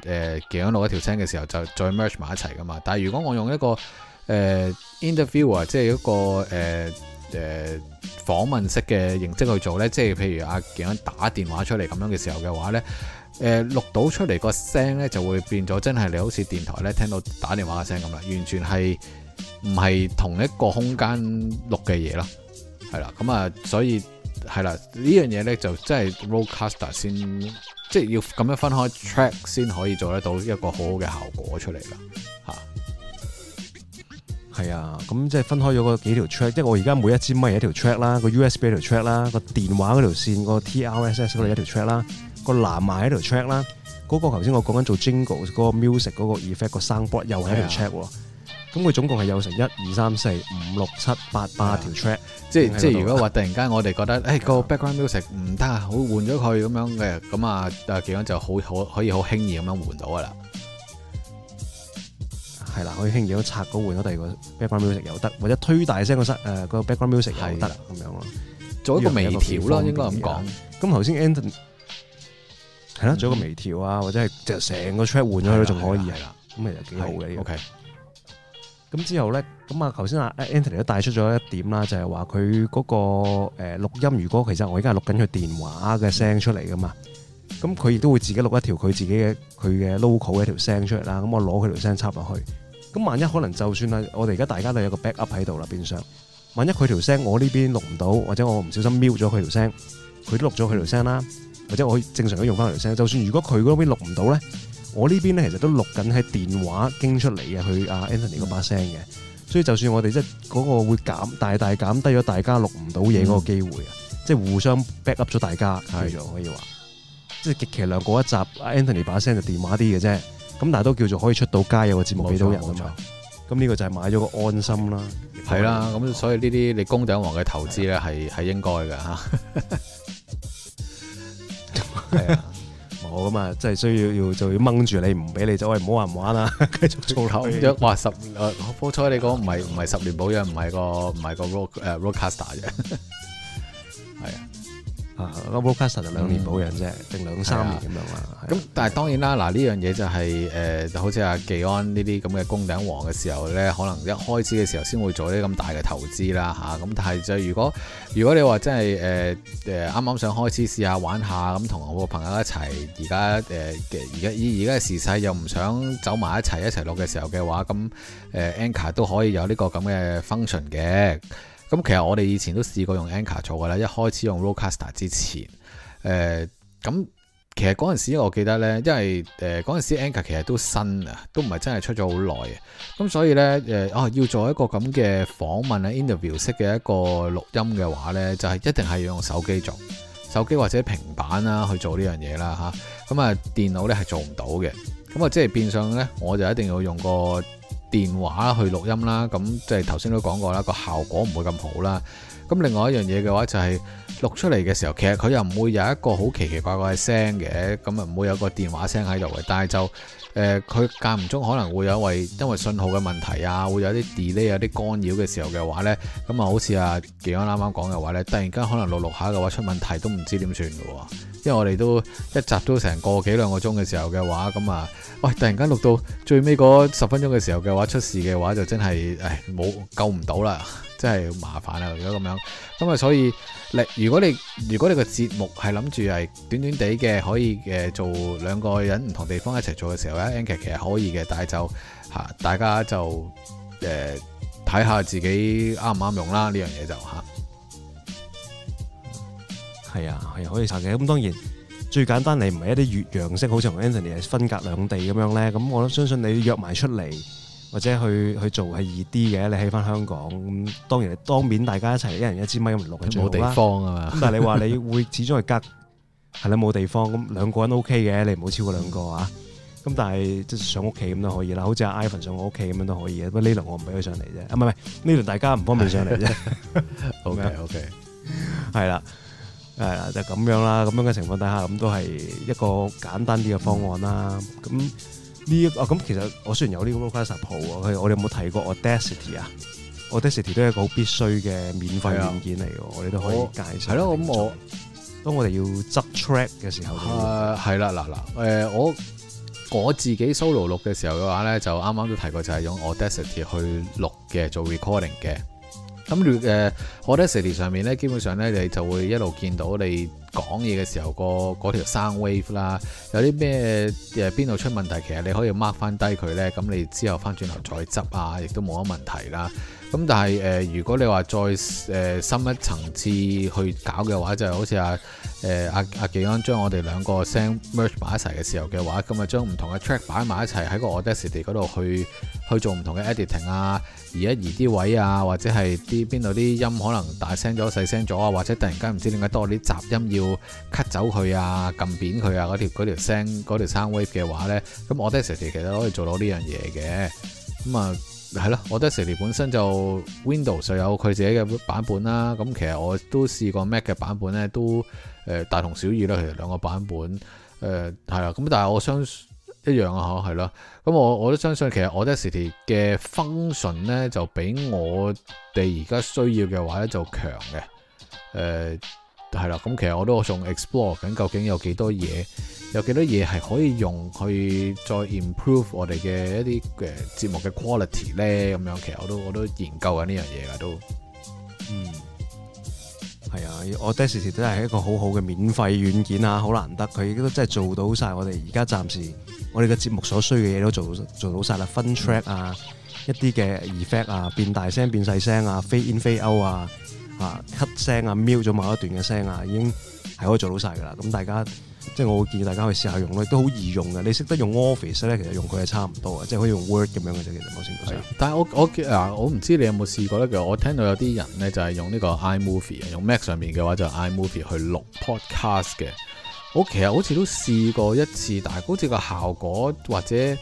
健欣錄一條聲嘅時候就再 merge 埋一齊噶嘛。但係如果我用一個誒 interview 啊，呃、即係一個誒誒訪問式嘅形式去做呢，即係譬如阿健欣打電話出嚟咁樣嘅時候嘅話呢，誒、呃、錄到出嚟個聲呢，就會變咗，真係你好似電台呢聽到打電話嘅聲咁啦，完全係唔係同一個空間錄嘅嘢咯，係啦，咁啊、嗯，所以。係啦，這個、呢樣嘢咧就真係 RODECaster 先，即、就、係、是、要咁樣分開 track 先可以做得到一個好好嘅效果出嚟啦。吓，係啊，咁、啊、即係分開咗嗰幾條 track，即係我而家每一支咪一條 track 啦，個 USB 一條 track 啦，個電話嗰條線、個 TRS 嗰度一條 track 啦，個藍牙一條 track 啦，嗰、嗰個頭先我講緊做 jingle 嗰個 music 嗰個 effect 個 soundboard 又係一條 track 喎。咁佢總共係有成一二三四五六七八八條 track，的即係即係如果話突然間我哋覺得誒、 哎個 background music 唔得啊，好換咗佢咁樣嘅，咁啊誒幾樣就好可以好輕易咁樣換到噶啦，係啦，可以輕易咗拆嗰換咗第二個 background music 又得，或者推大聲、呃個室誒個 background music 又得咁樣咯，做一個微調啦，應該咁講。咁頭先 Anton 係啦，做一個微調啊，或者係成個 track 換咗佢都仲可以係啦，咁其實幾好嘅 OK。咁之後咧，咁啊頭先阿 Anthony 都帶出咗一點啦，就係話佢嗰個誒錄音，如果其實我而家係錄緊佢電話嘅聲出嚟噶嘛，咁佢亦都會自己錄一條佢自己嘅佢嘅 local 嘅條聲出嚟啦。咁我攞佢條聲插落去，咁萬一可能就算係我哋而家大家都有個 backup 喺度啦，變相萬一佢條聲我呢邊錄唔到，或者我唔小心瞄咗佢條聲，佢都錄咗佢條聲啦，或者我正常咁用翻佢條聲。就算如果佢嗰邊錄唔到咧。我呢邊呢邊咧，其實都錄緊喺電話經出嚟嘅佢阿 Anthony 嗰把聲嘅，嗯、所以就算我哋即係嗰個會大大減低咗大家錄唔到嘢嗰個機會啊，嗯、即係互相 back up 咗大家叫做可以話，即、就、係、係、極其量嗰一集 Anthony 把聲就電話啲嘅啫，咁但係都叫做可以出到街，有個節目俾到人咁樣，咁呢個就係買咗個安心啦，係啦，咁所以呢啲你宮頂王嘅投資咧係係應該嘅嚇。係啊。 冇啊嘛，即係需要要就要掹住你，唔俾你走，唔好話唔玩啦，繼續做樓咁樣。哇，十年，唔 好彩你講唔係唔係十年保養，唔係個唔係個 rock road，誒、uh, Rodecaster 嘅，係啊。啊，個保實兩年保養啫，定兩三年咁樣啊。咁但係當然啦，嗱呢樣嘢就係誒，好似阿技安呢啲咁嘅宮頂王嘅時候咧，可能一開始嘅時候先會做啲咁大嘅投資啦咁、啊、但係就如果如果你話真係誒誒啱啱想開始試下玩下咁，同我個朋友一齊而家而家而而家嘅時勢又唔想走埋一齊一齊落嘅時候嘅話，咁、呃、Anchor 都可以有呢個咁嘅 function 嘅。咁其實我哋以前都試過用 Anchor 做嘅喇。一開始用 Roadcaster 之前，咁、呃、其實嗰陣時我記得呢，因為嗰陣、呃、時 Anchor 其實都新啊，都唔係真係出咗好耐啊。咁所以呢，哦、呃、要做一個咁嘅訪問啊、interview 式嘅一個錄音嘅話呢，就係、是、一定係要用手機做，手機或者平板啦去做呢樣嘢啦嚇。咁啊電腦呢係做唔到嘅，咁啊即係變相呢，我就一定要用個。電話去錄音啦，咁即係頭先都講過啦，個效果唔會咁好啦。咁另外一樣嘢嘅話就係錄出嚟嘅時候，其實佢又唔會有一個好奇奇怪怪嘅聲嘅，咁啊唔會有個電話聲喺度嘅，但係就。誒、呃，佢間唔中可能會有為，因為信號嘅問題啊，會有啲 delay，有啲干擾嘅時候嘅話呢。咁啊，好似啊健哥啱啱講嘅話呢，突然間可能錄錄下嘅話出問題都唔知點算㗎喎，因為我哋都一集都成個幾兩個鐘嘅時,時候嘅話，咁啊，喂、哎，突然間錄到最尾嗰十分鐘嘅時候嘅話出事嘅話，就真係誒冇救唔到啦，真係麻煩啊！如果咁樣，咁啊，所以。如果你如果你個節目係諗住係短短地嘅，可以誒、呃、做兩個人唔同地方一齊做嘅時候咧 Anchor 其實可以嘅，但係就嚇、啊、大家就誒睇下自己啱唔啱用啦，呢樣嘢就嚇。係啊，係、啊、可以嘅。咁當然最簡單你唔係一啲越洋式好似同 Anthony 係分隔兩地咁樣咧。咁我都相信你約埋出嚟。或者去去做係易啲嘅，你喺翻香港，咁當然係當面大家一齊，一人一支麥咁錄係最好冇地方啊嘛！但係你話你會始終係吉，係 啦，冇地方咁兩個人 O K 嘅，你唔好超過兩個啊！咁但係即上屋企咁都可以啦，好似阿 Ivan 上我屋企咁樣都可以嘅。不過呢輪我唔俾佢上嚟啫，唔係唔係呢輪大家唔方便上嚟啫。O K O K，係啦，係啦，就咁樣啦。咁樣嘅情況底下，咁都係一個簡單啲嘅方案啦。咁。呢、這、一個咁、啊、其實我雖然有呢個 require 十號，佢我哋有冇提過 Audacity 啊？Audacity 都係一個好必須嘅免費軟件嚟嘅，我哋都可以介紹。係咯，咁我當我哋要執 track 嘅時候，誒係啦，嗱嗱誒我我自己 solo 錄嘅時候嘅話咧，就啱啱都提過，就係用 Audacity 去錄嘅做 recording 嘅。咁你誒，Audacity 上面咧，基本上咧，你就會一路見到你講嘢嘅時候嗰條 sound wave 啦，有啲咩誒邊度出問題，其實你可以 mark 翻低佢咧，咁你之後翻轉頭再執啊，亦都冇乜問題啦。咁但係、呃、如果你話再深一層次去搞嘅話，就係、好似阿誒阿阿幾安將我哋兩個聲 merge 埋一齊嘅時候嘅話，咁啊將唔同嘅 track 擺埋一齊喺個 Audacity 嗰度去去做唔同嘅 editing 啊。而移一移啲位置啊，或者係啲邊度啲音可能大聲咗、細聲咗啊，或者突然間唔知點解多啲雜音要 cut 走佢啊、撳扁佢啊條條嗰條聲嗰條 sound wave 嘅話咧，咁我 Audacity 其實可以做到呢樣嘢嘅。咁啊，係咯，我 Audacity 本身就 Windows 就有佢自己嘅版本啦、啊。咁其實我都試過 Mac 嘅版本咧，都誒大同小異啦。其實兩個版本誒係啦，咁、呃、但係我相信。一樣啊，嚇係咯。咁我我都相信，其實 Audacity 嘅 function 咧就比我哋而家需要嘅話咧就強嘅。誒係啦，咁其實我都仲 explore 緊，究竟有幾多嘢，有幾多嘢係可以用去再 improve 我哋嘅一啲嘅節目嘅 quality 咧。咁樣其實我都我都研究緊呢樣嘢噶，都嗯係啊。Audacity 真係一個好好嘅免費軟件啊，好難得佢亦都真係做到晒我哋而家暫時。我哋嘅節目所需嘅嘢都做做到晒啦，分 track 啊，一啲嘅 effect 啊，變大聲變細聲啊，mm. fade in fade out 啊，聲 mm. 啊 cut 聲，mm. 啊，mute 咗某一段嘅聲啊，已經係可以做到晒噶啦。咁大家即係我會建議大家去試下用咯，都好易用嘅。你識得用 Office 咧，其實用佢係差唔多嘅，即係可以用 Word 咁樣嘅啫。其實冇錯。係。但係我我嗱，我唔知你有冇試過咧？其實我聽到有啲人咧就係用呢個 iMovie 用 Mac 上面嘅話就 iMovie 去錄 podcast 嘅。我其實好似都試過一次，但係好似個效果或者點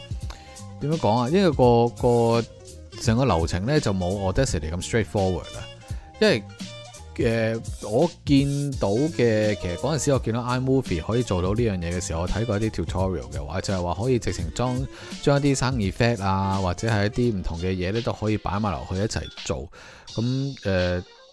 樣講啊？因為個個成個流程咧就冇 Audacity 咁 straightforward 啊。因為誒、呃，我見到嘅其實嗰陣時，我見到 iMovie 可以做到呢樣嘢嘅時候，我睇過一啲 tutorial 嘅話，就係、是、話可以直情裝將一啲生意 effect 啊，或者係一啲唔同嘅嘢咧都可以擺埋落去一齊做。咁誒。呃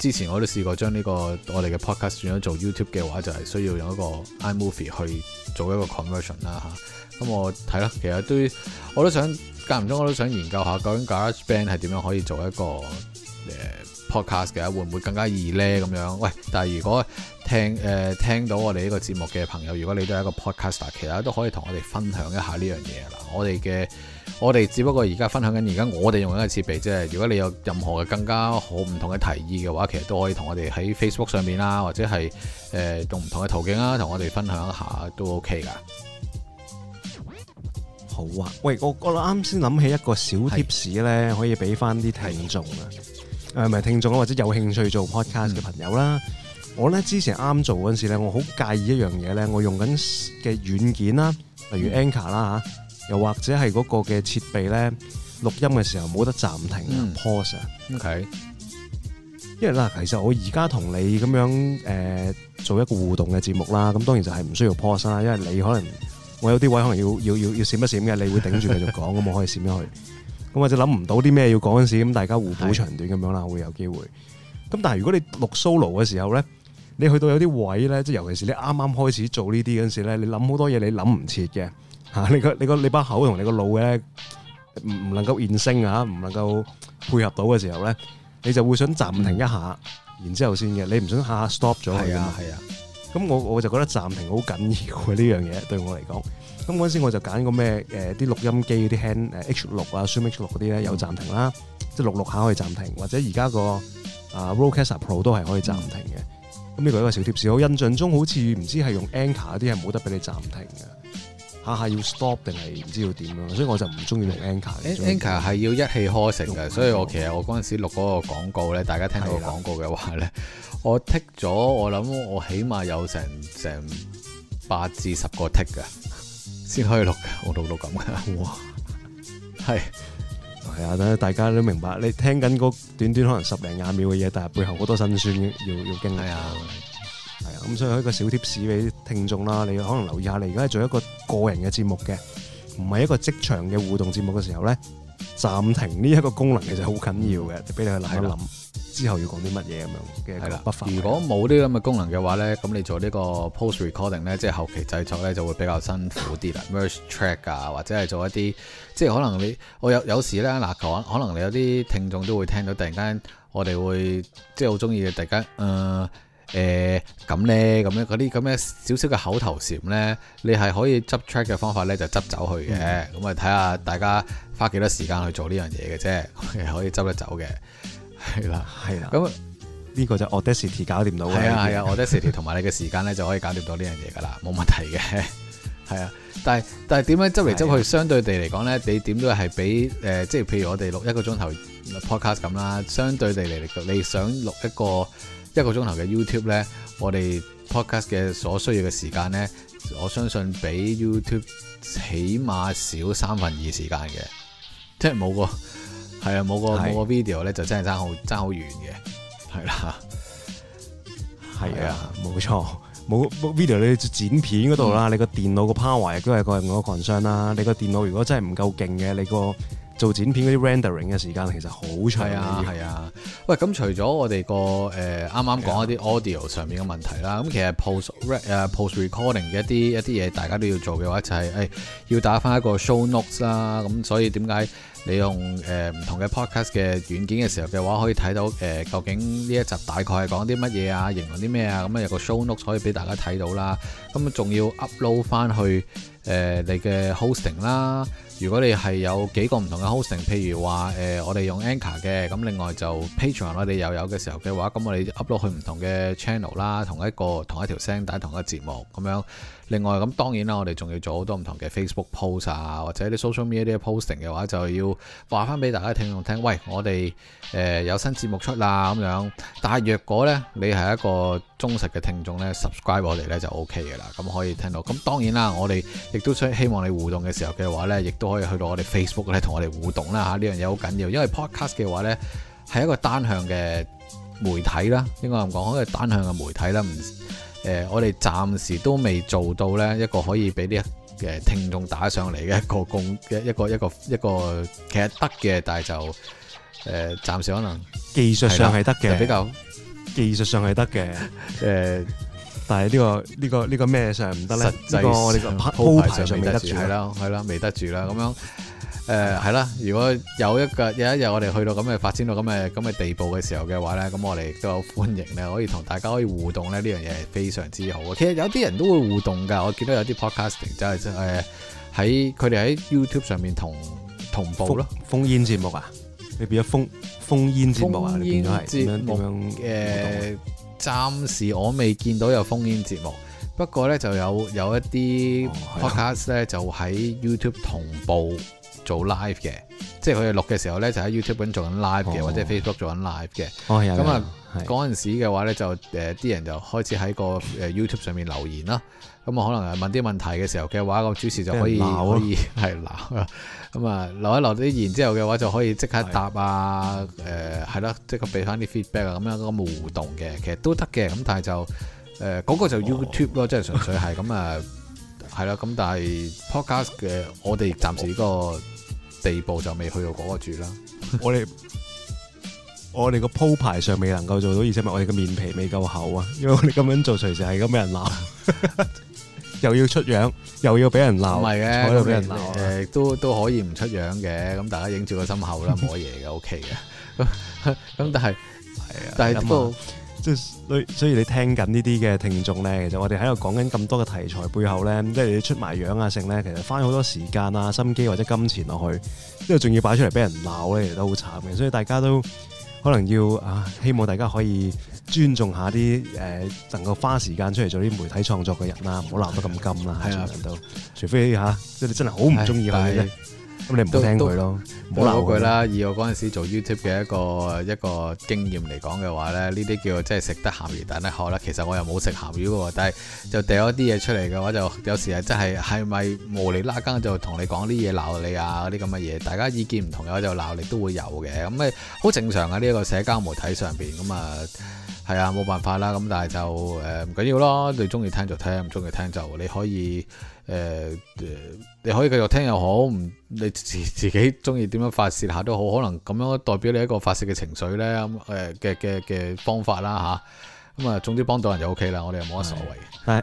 之前我都試過將呢個我哋嘅 podcast 轉咗做 YouTube 嘅話，就係、是、需要用一個 iMovie 去做一個 conversion 啦，咁、啊、我睇啦，其實都我都想間唔中我都想研究下究竟 GarageBand 係點樣可以做一個、呃 podcast 嘅會唔會更加易呢？咁樣？喂，但係如果聽誒、呃、聽到我哋呢個節目嘅朋友，如果你都係一個 podcaster，其實都可以同我哋分享一下呢樣嘢。嗱，我哋嘅我哋只不過而家分享緊而家我哋用緊嘅設備啫。如果你有任何嘅更加好唔同嘅提議嘅話，其實都可以同我哋喺 Facebook 上面啦，或者係誒、呃、用唔同嘅途徑啦，同我哋分享一下都 OK 噶。好啊，喂，我我啱先諗起一個小 tips 咧，可以俾翻啲聽眾啊。誒咪聽眾啦，或者有興趣做 podcast 嘅朋友啦、嗯，我咧之前啱做嗰陣時咧，我好介意一樣嘢咧，我用緊嘅軟件啦，例如 Anchor 啦嚇，又或者係嗰個嘅設備咧，錄音嘅時候冇得暫停啊，pause 啊，OK、嗯。因為嗱，其實我而家同你咁樣誒、呃、做一個互動嘅節目啦，咁當然就係唔需要 pause 啦，因為你可能我有啲位可能要要要要閃一閃嘅，你會頂住繼續講， 我可以閃咗去。咁或者諗唔到啲咩要講嗰時，咁大家互補長短咁樣啦，會有機會。咁但係如果你錄 solo 嘅時候咧，你去到有啲位咧，即係尤其是你啱啱開始做呢啲嗰時咧，你諗好多嘢，你諗唔切嘅吓，你個你個你把口同你個腦咧唔唔能夠現聲啊，唔能夠配合到嘅時候咧，你就會想暫停一下，然之後先嘅，你唔想下下 stop 咗佢啊，係啊。咁我我就覺得暫停好緊要嘅呢樣嘢，對我嚟講。咁嗰陣時，我就揀個咩誒啲錄音機啲 hand 誒 H 六啊 Zoom H 六嗰啲咧有暫停啦，嗯、即係錄錄下可以暫停，或者而家個啊 Rodecaster Pro 都係可以暫停嘅。咁、嗯、呢個一個小貼士。我印象中好似唔知係用 Anchor 啲係冇得俾你暫停嘅，下下要 stop 定係唔知要點樣，所以我就唔中意用 Anchor，Anchor 係要一氣呵成嘅，所以我其實我嗰陣時錄嗰個廣告咧，大家聽到個廣告嘅話咧，我剔咗我諗我起碼有成成八至十個剔嘅。先可以錄噶，我錄到咁噶，哇，係係啊，等下大家都明白，你聽緊嗰短短可能十零廿秒嘅嘢，但係背後好多辛酸嘅，要要經歷啊，係啊，咁所以開一個小貼士俾聽眾啦，你可能留意下，你而家係做一個個人嘅節目嘅，唔係一個職場嘅互動節目嘅時候咧，暫停呢一個功能其實好緊要嘅，俾你去諗一諗。之後要講啲乜嘢咁樣？係啦，如果冇呢啲咁嘅功能嘅話咧，咁你做呢個 post recording 咧，即係後期製作咧，就會比較辛苦啲啦。 merge track 啊，或者係做一啲，即係可能你我有有時咧，嗱，可可能你有啲聽眾都會聽到，突然間我哋會即係好中意嘅，突然間，誒咁咧，咁、欸、樣嗰啲咁嘅少少嘅口頭禪咧，你係可以執 track 嘅方法咧，就執走去嘅。咁、嗯、啊，睇下大家花幾多時間去做呢樣嘢嘅啫，可以執得走嘅。係啦，係啦，咁呢、這個就我 Audacity 搞掂到，係啊係啊，我 Audacity 同埋你嘅時間咧就可以搞掂到呢樣嘢噶啦，冇問題嘅，係啊，但係但係點樣執嚟執去，相對地嚟講咧，你點都係比誒、呃，即係譬如我哋錄一個鐘頭 podcast 咁啦，相對地嚟，你想錄一個一個鐘頭嘅 YouTube 咧，我哋 podcast 嘅所需要嘅時間咧，我相信比 YouTube 起碼少三分二時間嘅，即係冇個。係啊，冇個冇、啊、個 video 咧就真係爭好爭好遠嘅，係、啊啊啊、啦，係啊，冇錯，冇 video 咧剪片嗰度啦，你個電腦個 power 亦都係個 concern 啦。你個電腦如果真係唔夠勁嘅，你個做剪片嗰啲 rendering 嘅時間其實好長。係啊，係啊。喂，咁除咗我哋個誒啱啱講一啲 audio 上面嘅問題啦，咁、啊、其實 post rec post recording 嘅一啲一啲嘢大家都要做嘅話，就係、是、誒、哎、要打返一個 show notes 啦。咁所以點解？你用誒唔、呃、同嘅 podcast 嘅軟件嘅時候嘅話，可以睇到誒、呃、究竟呢一集大概係講啲乜嘢啊，形容啲咩啊，咁有個 show notes 可以俾大家睇到啦。咁、嗯、仲要 upload 翻去誒、呃、你嘅 hosting 啦。如果你係有幾個唔同嘅 hosting，譬如話誒、呃、我哋用 Anchor 嘅，咁、嗯、另外就 Patreon 我哋又有嘅時候嘅話，咁、嗯、我哋 upload 去唔同嘅 channel 啦，同一個同一條聲帶同一個節目咁樣。另外咁當然啦，我哋仲要做好多唔同嘅 Facebook post 啊，或者啲 social media posting 嘅話，就要話翻俾大家聽眾聽，喂，我哋、呃、有新節目出啦咁樣。但係若果呢，你係一個忠實嘅聽眾呢，subscribe 我哋呢就 OK 嘅啦，咁可以聽到。咁當然啦，我哋亦都希希望你互動嘅時候嘅話呢，亦都可以去到我哋 Facebook 咧同我哋互動啦嚇。呢、啊、樣嘢好緊要，因為 podcast 嘅話呢，係一個單向嘅媒體啦，應該咁講，係單向嘅媒體啦。呃、我哋暫時都未做到咧，一個可以俾呢一誒聽眾打上嚟嘅一個公，一一一個一個，一個，一個其實得嘅，但係就誒、呃，暫時可能技術上係得嘅，比較技術上係得嘅，誒、呃，但係、這個這個這個、呢個呢個呢個咩上唔得咧？呢個我哋個鋪排上未得住，係啦，係啦，未得住啦，咁樣誒、呃、係啦，如果有一個有一日我哋去到咁嘅發展到咁嘅咁嘅地步嘅時候嘅話咧，咁我哋都有歡迎咧，可以同大家可以互動咧，呢樣嘢係非常之好嘅。其實有啲人都會互動噶，我見到有啲 podcasting 就係誒喺佢哋喺 YouTube 上面同同步咯，烽煙節目啊？你變咗烽烽煙節目啊？你變咗係咁樣誒？暫時我未見到有烽煙節目，不過咧就有有一啲 podcast 咧、哦哎、就喺 YouTube 同步。做 live 嘅，即係佢哋錄嘅時候呢，就喺、是、YouTube 做緊 live 嘅、哦，或者 Facebook 做緊 live 嘅。咁、哦、啊，嗰、嗯、陣時嘅話呢，就誒啲、呃、人就開始喺個、嗯、YouTube 上面留言啦。咁啊，我可能問啲問題嘅時候嘅話，個主持就可以可以係鬧咁啊，留一留啲言，言之後嘅話，就可以即刻答啊。誒係啦，即、呃、刻俾翻啲 feedback 啊，咁樣咁互動嘅，其實都得嘅。咁但係就誒嗰、呃那個就 YouTube 咯，即、哦、係純粹係咁啊。 係啦、啊，咁但係 podcast 嘅，我哋暫時呢個地步就未去到嗰個住啦 。我哋我哋個鋪排尚未能夠做到，而且咪我哋個面皮未夠厚啊！因為我哋咁樣做隨是樣，隨時係咁俾人鬧，又要出樣，又要俾人鬧，唔係嘅，俾人鬧誒、okay，呃，都都可以唔出樣嘅。咁 大家影住個心口啦，冇嘢嘅，OK 嘅。咁， 咁但係，但係即係所以你聽緊呢啲嘅聽眾咧，其實我哋喺度講緊咁多嘅題材背後咧，即係你出埋樣啊，聲咧，其實花好多時間啊、心機或者金錢落去，因為仲要擺出嚟俾人鬧咧，亦都好慘嘅。所以大家都可能要啊，希望大家可以尊重下啲誒，能夠花時間出嚟做啲媒體創作嘅人啦，唔好鬧得咁金啦，係啊，都除非吓，即係真係好唔中意佢咁你唔好聽佢咯，唔好鬧佢啦。以我嗰陣時做 YouTube 嘅一個一個經驗嚟講嘅話咧，呢啲叫即係食得鹹魚，抵得渴啦。其實我又冇食鹹魚喎，但係就掉咗啲嘢出嚟嘅話就，就有時係真係係咪無理拉更就同你講啲嘢鬧你啊嗰啲咁嘅嘢。大家意見唔同話，嘅我就鬧你都會有嘅。咁咪好正常啊！呢、呢個社交媒體上面。咁啊，係啊，冇辦法啦。咁但係就唔緊、呃、要咯。你中意聽就聽，唔中意聽就你可以。誒、呃，你可以繼續聽又好，唔你自自己中意點樣發洩下都好，可能咁樣代表你一個發洩嘅情緒咧，咁誒嘅嘅嘅方法啦吓，咁啊，總之幫到人就 O K 啦，我哋又冇乜所謂。係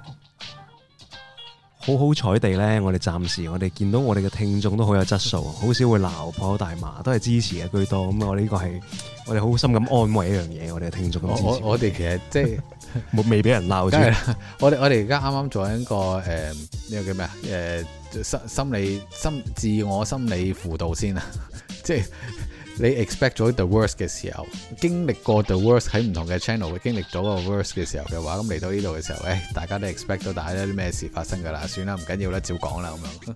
好好彩地咧，我哋暫時我哋見到我哋嘅聽眾都好有質素，好少會鬧破口大罵，都係支持嘅居多。咁我呢個係我哋好心咁安慰一樣嘢，我哋嘅聽眾都支持。我我哋其實即、就、係、是。 冇未俾人鬧住 我哋我哋而家啱啱做緊一個誒，呢、呃這個叫咩啊？誒、呃，心理心理心自我心理輔導先啊！ 即係你 expect 咗 the worst 嘅時候，經歷過 the worst 喺唔同嘅 channel，經歷咗個 worst 嘅時候嘅話，咁嚟到呢度嘅時候，誒、哎，大家都 expect 到大家啲咩事發生噶啦，算啦，唔緊要啦，照講啦咁樣。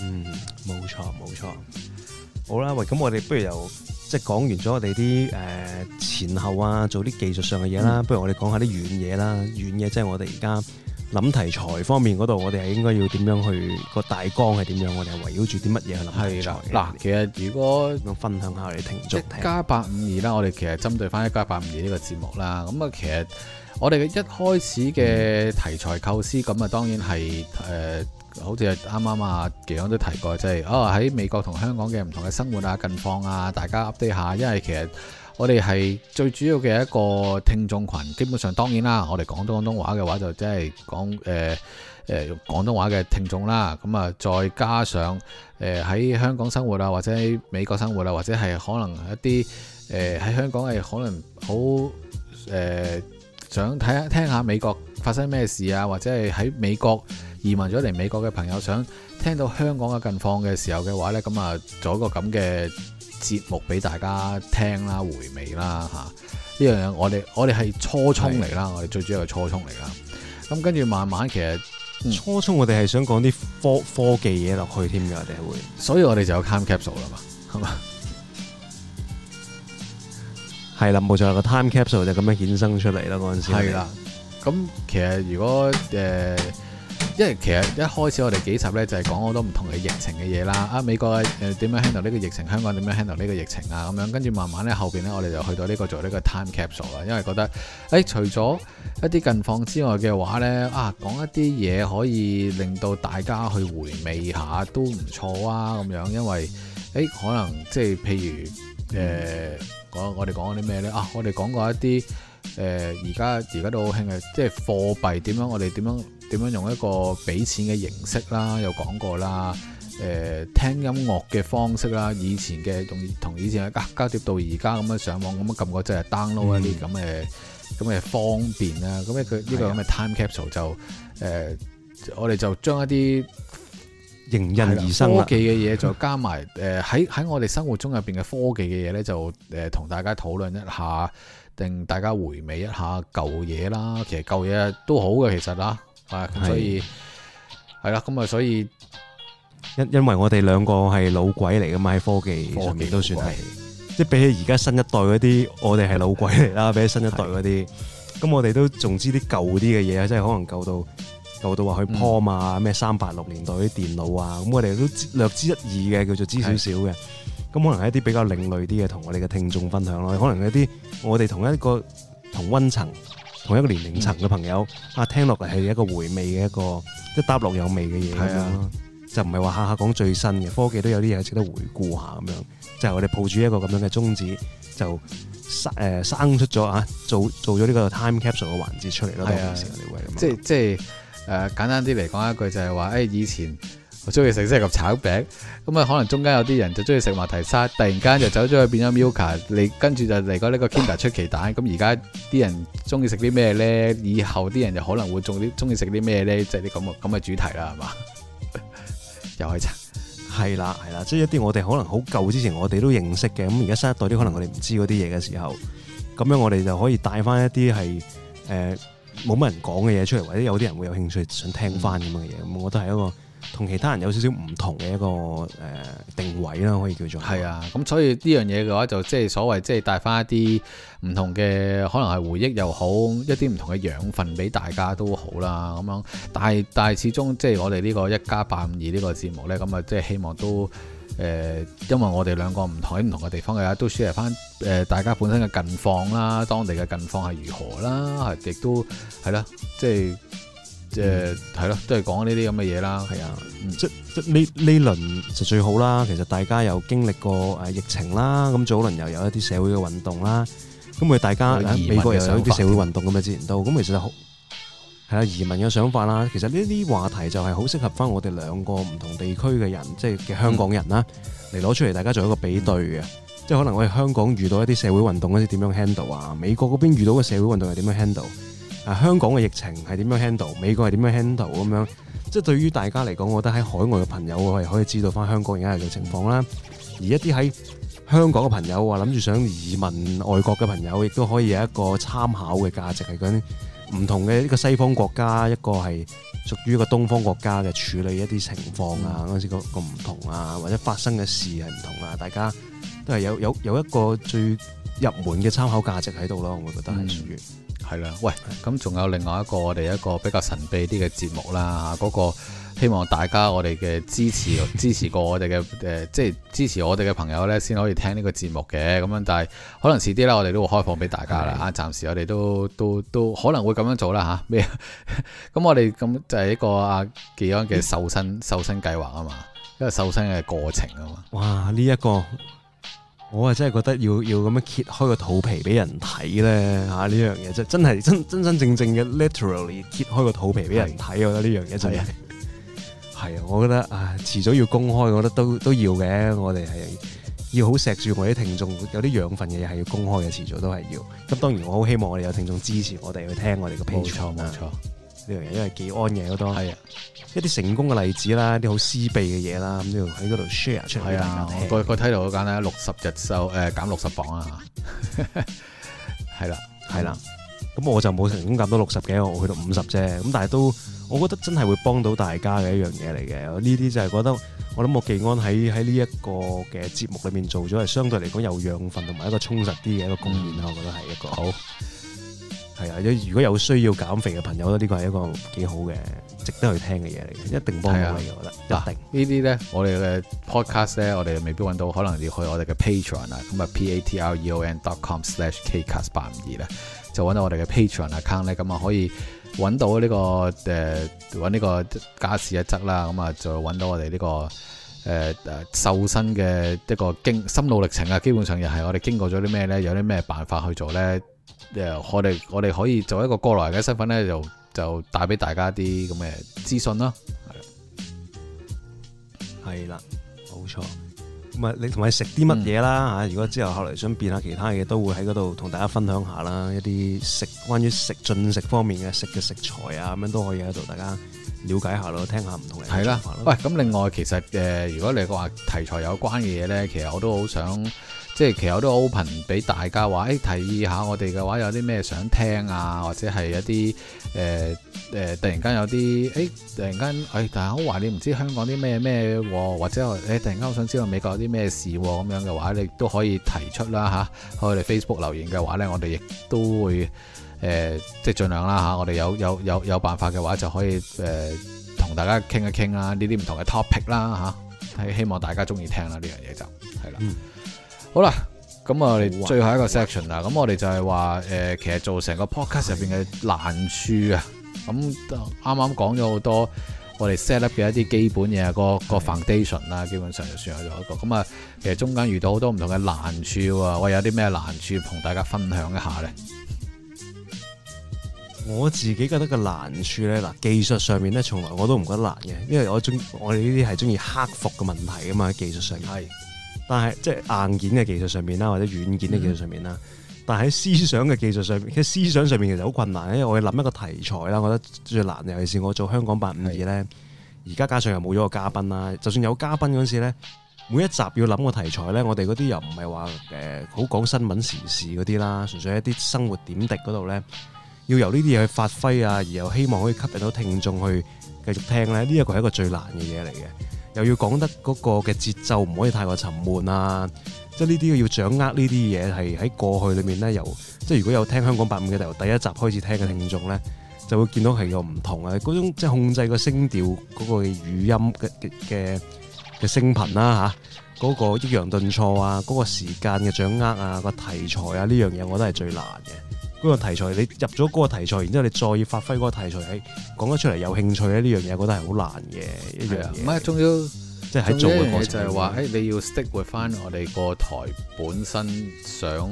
嗯，冇錯冇錯，好啦，喂，咁我哋不如又。即係講完咗我哋啲誒前後啊，做啲技術上嘅嘢啦，不如我哋講下啲軟嘢啦。軟嘢即係我哋而家諗題材方面嗰度，我哋係應該要點樣去、個大綱係點樣？我哋係圍繞住啲乜嘢去諗嗱，其實如果分享下嚟聽眾聽一加八五二啦，我哋其實針對翻一加八五二呢個節目啦，咁啊，其實我哋嘅一開始嘅題材構思，咁、嗯、啊，當然係誒。呃好似係啱啱啊，幾個都提過，即、就、係、是、哦喺美國同香港嘅唔同嘅生活啊、近況啊，大家 update 下。因為其實我哋係最主要嘅一個聽眾群，基本上當然啦，我哋講東廣東話嘅話就即係講誒誒廣東話嘅聽眾啦。咁、嗯、啊，再加上誒喺、呃、香港生活啊，或者喺美國生活啊，或者係可能一啲誒喺香港係可能好誒、呃、想睇下聽一下美國發生咩事啊，或者係喺美國。移民咗嚟美國嘅朋友想聽到香港嘅近況嘅時候嘅話咧，咁啊做一個咁嘅節目俾大家聽啦、回味啦嚇呢樣嘢。我哋我哋係初衷嚟啦，我哋最主要係初衷嚟啦。咁跟住慢慢其實初衷，我哋係想講啲科科技嘢落去添㗎，我哋會，所以我哋就有 time capsule 啦嘛，係嘛？係 啦，冇錯，有個 time capsule 就咁樣衍生出嚟啦嗰陣時。係啦，咁其實如果誒。呃因為其實一開始我哋幾集咧就係講好多唔同嘅疫情嘅嘢啦，啊美國嘅誒點樣 handle 呢個疫情，香港點樣 handle 呢個疫情啊咁樣，跟住慢慢咧後邊咧我哋就去到呢個做呢個 time capsule 啦，因為覺得誒除咗一啲近況之外嘅話咧啊，講一啲嘢可以令到大家去回味下都唔錯啊咁樣，因為誒可能即係譬如誒、呃、我我哋講啲咩咧啊，我哋講過一啲誒而家而家都好興嘅，即係貨幣點樣我哋點樣。點樣用一個俾錢嘅形式啦，有講過啦。誒、呃，聽音樂嘅方式啦，以前嘅同同以前啊，交交疊到而家咁樣上網咁樣撳個即係 download 一啲咁嘅咁嘅方便啦。咁咧佢呢個咁嘅 time capsule 就誒、啊呃，我哋就將一啲應運而生、啊、科技嘅嘢，就加埋誒喺喺我哋生活中入邊嘅科技嘅嘢咧，就誒同、呃、大家討論一下，定大家回味一下舊嘢啦。其實舊嘢都好嘅，其實啦。所以係啦，咁啊，所以因因為我哋兩個係老鬼嚟噶嘛，喺科技上面都算係，即係比起而家新一代嗰啲，我哋係老鬼嚟啦。比起新一代嗰啲，咁我哋都仲知啲舊啲嘅嘢啊，即係可能舊到舊到話去 Palm 啊，咩三八六年代啲電腦啊，咁我哋都略知一二嘅，叫做知少少嘅。咁可能係一啲比較另類啲嘅，同我哋嘅聽眾分享咯。可能一啲我哋同一個同溫層。同一個年齡層嘅朋友啊，聽落嚟係一個回味嘅一個，一嗒落有味嘅嘢、啊，就唔係話下下講最新嘅科技，都有啲嘢值得回顧下咁樣。就係、我哋抱住一個咁樣嘅宗旨，就生誒、呃、生出咗啊，做做咗呢個 time capsule 嘅環節出嚟啦。即即誒，簡單啲嚟講一句就係話，誒、欸、以前。我中意食即西芹炒餅，咁啊可能中間有啲人就中意食馬蹄沙，突然間就走咗去變咗 Milka 你跟住就嚟咗呢個 Kinder 出奇蛋，咁而家啲人中意食啲咩咧？以後啲人就可能會中啲中意食啲咩咧？即係啲咁嘅咁嘅主題啦，係嘛？又係就係啦，係啦，即係一啲我哋可能好舊之前我哋都認識嘅，咁而家新一代啲可能我哋唔知嗰啲嘢嘅時候，咁樣我哋就可以帶翻一啲係誒冇乜人講嘅嘢出嚟，或者有啲人會有興趣想聽翻咁嘅嘢，咁、嗯、我都係一個。同其他人有少少唔同嘅一個誒定位啦，可以叫做係啊。咁所以呢樣嘢嘅話，就即係所謂即係帶翻一啲唔同嘅，可能係回憶又好，一啲唔同嘅養分俾大家都好啦。咁樣，但係但係始終即係我哋呢個一家八五二呢個節目呢，咁啊即係希望都誒、呃，因為我哋兩個唔同喺唔同嘅地方嘅，都 share 翻誒大家本身嘅近況啦，當地嘅近況係如何啦，係亦都係啦、啊，即係。誒係咯，都係講呢啲咁嘅嘢啦，係、嗯、啊，即即呢呢輪就最好啦。其實大家又經歷過誒疫情啦，咁早輪又有一啲社會嘅運動啦，咁咪大家美國又有啲社會運動咁樣之前都，咁其實好係啦，移民嘅想法啦，其實呢啲話題就係好適合翻我哋兩個唔同地區嘅人，即、就、嘅、係、香港人啦，嚟、嗯、攞出嚟大家做一個比對嘅、嗯，即可能我哋香港遇到一啲社會運動嗰啲點樣 handle 啊，美國嗰邊遇到嘅社會運動係點樣 handle？香港嘅疫情係點樣 handle？美國係點樣 handle？咁樣即係對於大家嚟講，我覺得喺海外嘅朋友係可以知道翻香港而家嘅情況啦。而一啲喺香港嘅朋友話諗住想移民外國嘅朋友，亦都可以有一個參考嘅價值係講唔同嘅一個西方國家，一個係屬於一個東方國家嘅處理一啲情況啊，嗰、嗯、陣時個唔同啊，或者發生嘅事係唔同啊，大家都係有有有一個最入門嘅參考價值喺度咯。我覺得係屬於。嗯嗯係啦，喂，咁仲有另外一個我哋一個比較神秘啲嘅節目啦，吓、那、嗰個希望大家我哋嘅支持，支持過我哋嘅，誒、呃，即係支持我哋嘅朋友呢，先可以聽呢個節目嘅，咁樣，但係可能遲啲啦，我哋都會開放俾大家啦，啊，暫時我哋都都都，都可能會咁樣做啦，吓、啊、咩？咁 我哋咁就係一個阿紀央嘅瘦身瘦身計劃啊嘛，因為瘦身嘅過程啊嘛，哇，呢、這、一個。我啊真係覺得要要咁樣揭開個肚皮俾人睇咧吓呢樣嘢，即、啊啊、真係真真真正正嘅 literally 揭開個肚皮俾人睇，我覺得呢樣嘢就係，係啊，我覺得啊遲早要公開，我覺得都都要嘅。我哋係要好錫住我啲聽眾，有啲養分嘅嘢係要公開嘅，遲早都係要。咁當然我好希望我哋有聽眾支持我哋去聽我哋嘅 Patreon，冇錯冇錯呢樣嘢，因為寄安嘅多係啊。一啲成功嘅例子啦，啲好私秘嘅嘢啦，咁度喺嗰度 share 出嚟。係啊，我我睇到好簡六十日瘦，誒減六十磅啊 ，係啦係啦。咁我就冇成功減到六十幾，我去到五十啫。咁但係都，我覺得真係會幫到大家嘅一樣嘢嚟嘅。呢啲就係覺得，我諗莫記安喺喺呢一個嘅節目裏面做咗，係相對嚟講有養分同埋一個充實啲嘅一個貢獻啊。我覺得係一個好。 係啊，如果有需要減肥嘅朋友，呢個係一個幾好嘅，值得去聽嘅嘢嚟嘅，一定幫到你，嗯，我覺得，嗯啊、一定。啊、呢啲咧，我哋嘅 podcast 咧，我哋未必揾到，可能要去我哋嘅 patreon 啊，咁啊 p a t r e o n dot com slash kcast 八五二咧，就揾到我哋嘅 patreon account 咧，咁啊可以揾到呢個誒揾呢個加試一則啦，咁啊就揾到我哋呢個誒瘦身嘅一個經心路歷程啊，基本上又係我哋經過咗啲咩咧，有啲咩辦法去做咧。誒，我哋我哋可以做一個過來人嘅身份咧，就就帶俾大家啲咁嘅資訊啦，係啦，係啦，冇錯。咁啊，你同埋食啲乜嘢啦嚇？如果之後後嚟想變下其他嘢，都會喺嗰度同大家分享一下啦。一啲食關於食進食方面嘅食嘅食材啊，咁樣都可以喺度大家了解一下咯，聽一下唔同嘅係啦，喂，咁、哎、另外其實誒、呃，如果你話題材有關嘅嘢咧，其實我都好想。即係其實我都 open 俾大家話，誒、哎、提議一下我哋嘅話有啲咩想聽啊，或者係一啲誒誒，突然間有啲誒、哎，突然間誒、哎，但係好懷念唔知道香港啲咩咩喎，或者誒、哎、突然間我想知道美國有啲咩事咁、啊、樣嘅話，你都可以提出啦吓，喺、啊、我哋 Facebook 留言嘅話咧，我哋亦都會誒、呃，即係盡量啦吓、啊，我哋有有有有辦法嘅話就可以誒，同、呃、大家傾一傾啦，呢啲唔同嘅 topic 啦吓、啊，希望大家中意聽啦，呢樣嘢就係啦。嗯。好啦，咁啊，我哋最後一個 section 啦，咁我哋就係話誒，其實做成個 podcast 入邊嘅難處啊，咁啱啱講咗好多我哋 set up 嘅一啲基本嘢，個個 foundation 啦，基本上就算有咗一個。咁啊，其實中間遇到好多唔同嘅難處啊，我有啲咩難處同大家分享一下咧？我自己覺得個難處咧，嗱，技術上面咧，從來我都唔覺得難嘅，因為我中我哋呢啲係中意克服嘅問題啊嘛，技術上面係。但係即係硬件嘅技術上面啦，或者軟件嘅技術上面啦，嗯、但係喺思想嘅技術上面，喺思想上面其實好困難，因為我諗一個題材啦，我覺得最難，尤其是我做香講八五二咧，而家加上又冇咗個嘉賓啦，就算有嘉賓嗰陣時咧，每一集要諗個題材咧，我哋嗰啲又唔係話誒好講新聞時事嗰啲啦，純粹係一啲生活點滴嗰度咧，要由呢啲嘢去發揮啊，而又希望可以吸引到聽眾去繼續聽咧，呢、這、一個係一個最難嘅嘢嚟嘅。又要講得嗰個嘅節奏唔可以太過沉悶啊，即係呢啲要掌握呢啲嘢係喺過去裏面咧，由即係如果有聽香講852嘅由第一集開始聽嘅聽眾咧，就會見到係有唔同啊，嗰種即係控制個聲調嗰個語音嘅嘅嘅聲頻啦嚇，嗰個抑揚頓挫啊，嗰個時間嘅掌握啊，個題材啊呢樣嘢我覺得係最難嘅。嗰、那個題材，你入咗嗰個題材，然之後你再要發揮嗰個題材，喺講得出嚟有興趣咧，呢樣嘢我覺得係好難嘅一樣嘢唔係，仲要即係喺做嘅過程，就係話，誒、哎、你要 stick with 回翻我哋個台本身想